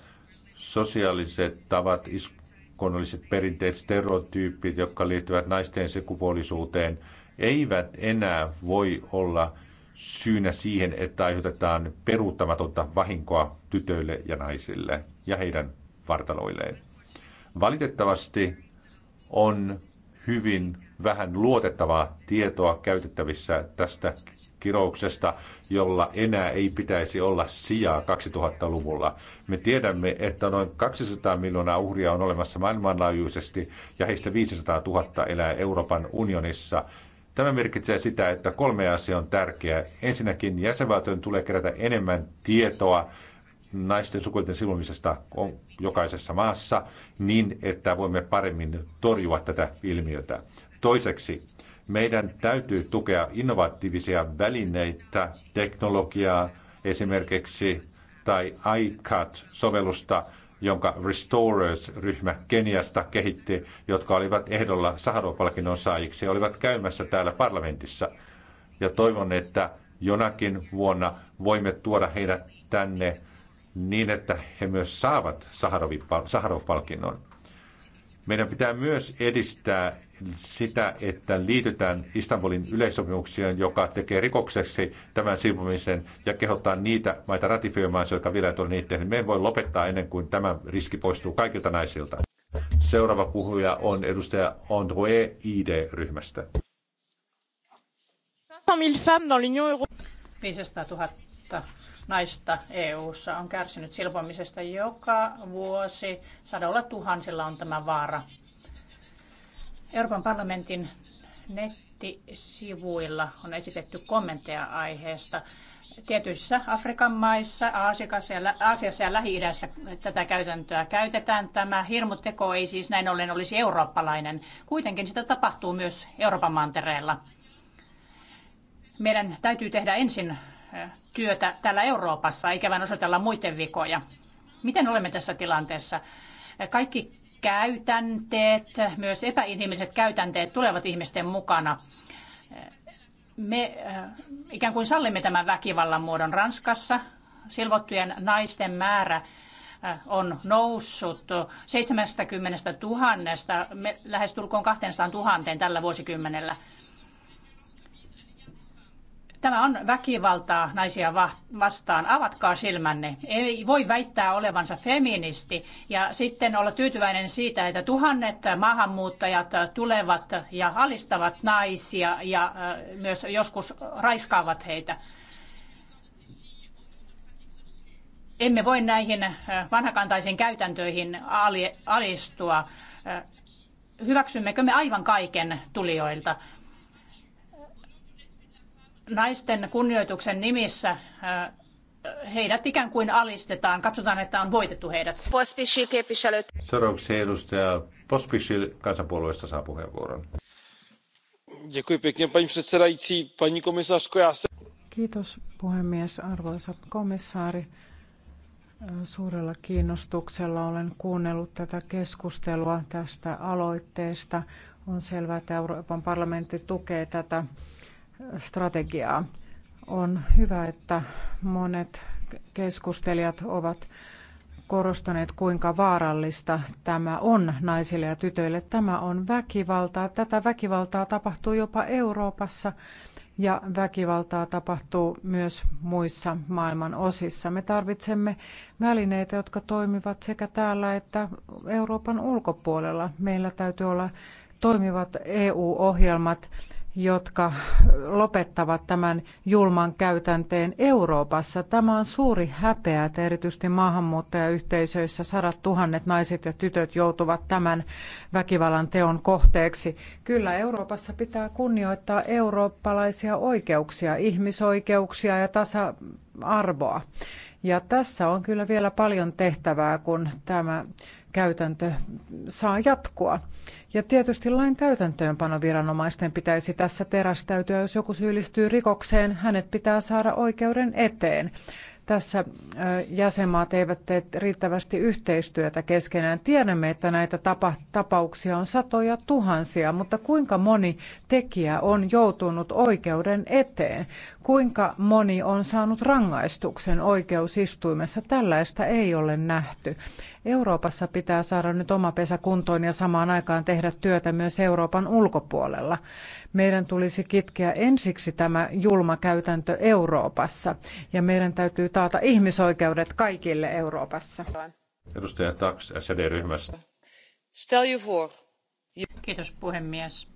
Sosiaaliset tavat, iskonnolliset perinteet, stereotyypit, jotka liittyvät naisten sukupuolisuuteen, eivät enää voi olla syynä siihen, että aiheutetaan peruuttamatonta vahinkoa tytöille ja naisille ja heidän vartaloilleen. Valitettavasti on hyvin vähän luotettavaa tietoa käytettävissä tästä kirouksesta, jolla enää ei pitäisi olla sijaa 2000-luvulla. Me tiedämme, että noin 200 miljoonaa uhria on olemassa maailmanlaajuisesti ja heistä 500 000 elää Euroopan unionissa. Tämä merkitsee sitä, että kolme asiaa on tärkeää. Ensinnäkin jäsenvaltion tulee kerätä enemmän tietoa naisten sukuelten silmumisesta jokaisessa maassa niin, että voimme paremmin torjua tätä ilmiötä. Toiseksi meidän täytyy tukea innovatiivisia välineitä, teknologiaa, esimerkiksi tai iCut-sovellusta, jonka Restorers-ryhmä Keniasta kehitti, jotka olivat ehdolla Saharov-palkinnon saajiksi ja olivat käymässä täällä parlamentissa. Ja toivon, että jonakin vuonna voimme tuoda heidät tänne niin, että he myös saavat Saharov-palkinnon. Meidän pitää myös edistää sitä, että liitytään Istanbulin yleissopimukseen, joka tekee rikokseksi tämän silpomisen ja kehottaa niitä maita ratifioimaan jotka vielä ei ole niitä tehnyt. Me ei voi lopettaa ennen kuin tämä riski poistuu kaikilta naisilta. Seuraava puhuja on edustaja André ID-ryhmästä. 500 000 naista EU:ssa on kärsinyt silpomisesta joka vuosi. Sadolla tuhansilla on tämä vaara Euroopan parlamentin nettisivuilla on esitetty kommentteja aiheesta. Tietyissä Afrikan maissa, Aasiassa ja Lähi-idässä tätä käytäntöä käytetään. Tämä hirmuteko ei siis näin ollen olisi eurooppalainen. Kuitenkin sitä tapahtuu myös Euroopan mantereella. Meidän täytyy tehdä ensin työtä täällä Euroopassa, eikä vain osoitella muiden vikoja. Miten olemme tässä tilanteessa? Kaikki käytänteet, myös epäinhimilliset käytänteet tulevat ihmisten mukana. Me äh, ikään kuin sallimme tämän väkivallan muodon Ranskassa. Silvottujen naisten määrä äh, on noussut 70 000 lähestulkoon 200 000 tällä vuosikymmenellä. Tämä on väkivaltaa naisia vastaan. Avatkaa silmänne. Ei voi väittää olevansa feministi ja sitten olla tyytyväinen siitä, että tuhannet maahanmuuttajat tulevat ja alistavat naisia ja myös joskus raiskaavat heitä. Emme voi näihin vanhakantaisiin käytäntöihin alistua. Hyväksymmekö me aivan kaiken tulijoilta? naisten kunnioituksen nimissä äh, heidät ikään kuin alistetaan. Katsotaan, että on voitettu heidät. Seuraavaksi edustaja Pospisil kansanpuolueesta saa puheenvuoron. Kiitos puhemies, arvoisa komissaari. Suurella kiinnostuksella olen kuunnellut tätä keskustelua tästä aloitteesta. On selvää, että Euroopan parlamentti tukee tätä strategiaa. On hyvä, että monet keskustelijat ovat korostaneet, kuinka vaarallista tämä on naisille ja tytöille. Tämä on väkivaltaa. Tätä väkivaltaa tapahtuu jopa Euroopassa ja väkivaltaa tapahtuu myös muissa maailman osissa. Me tarvitsemme välineitä, jotka toimivat sekä täällä että Euroopan ulkopuolella. Meillä täytyy olla toimivat EU-ohjelmat jotka lopettavat tämän julman käytänteen Euroopassa. Tämä on suuri häpeä, että erityisesti maahanmuuttajayhteisöissä sadat tuhannet naiset ja tytöt joutuvat tämän väkivallan teon kohteeksi. Kyllä Euroopassa pitää kunnioittaa eurooppalaisia oikeuksia, ihmisoikeuksia ja tasa-arvoa. Ja tässä on kyllä vielä paljon tehtävää, kun tämä käytäntö saa jatkua. Ja tietysti lain täytäntöönpanoviranomaisten pitäisi tässä terästäytyä, jos joku syyllistyy rikokseen, hänet pitää saada oikeuden eteen. Tässä jäsenmaat eivät tee riittävästi yhteistyötä keskenään. Tiedämme, että näitä tapa- tapauksia on satoja tuhansia, mutta kuinka moni tekijä on joutunut oikeuden eteen? Kuinka moni on saanut rangaistuksen oikeusistuimessa? Tällaista ei ole nähty. Euroopassa pitää saada nyt oma pesä kuntoon ja samaan aikaan tehdä työtä myös Euroopan ulkopuolella. Meidän tulisi kitkeä ensiksi tämä julma käytäntö Euroopassa ja meidän täytyy taata ihmisoikeudet kaikille Euroopassa. Edustaja Tax, sd ryhmästä Kiitos puhemies.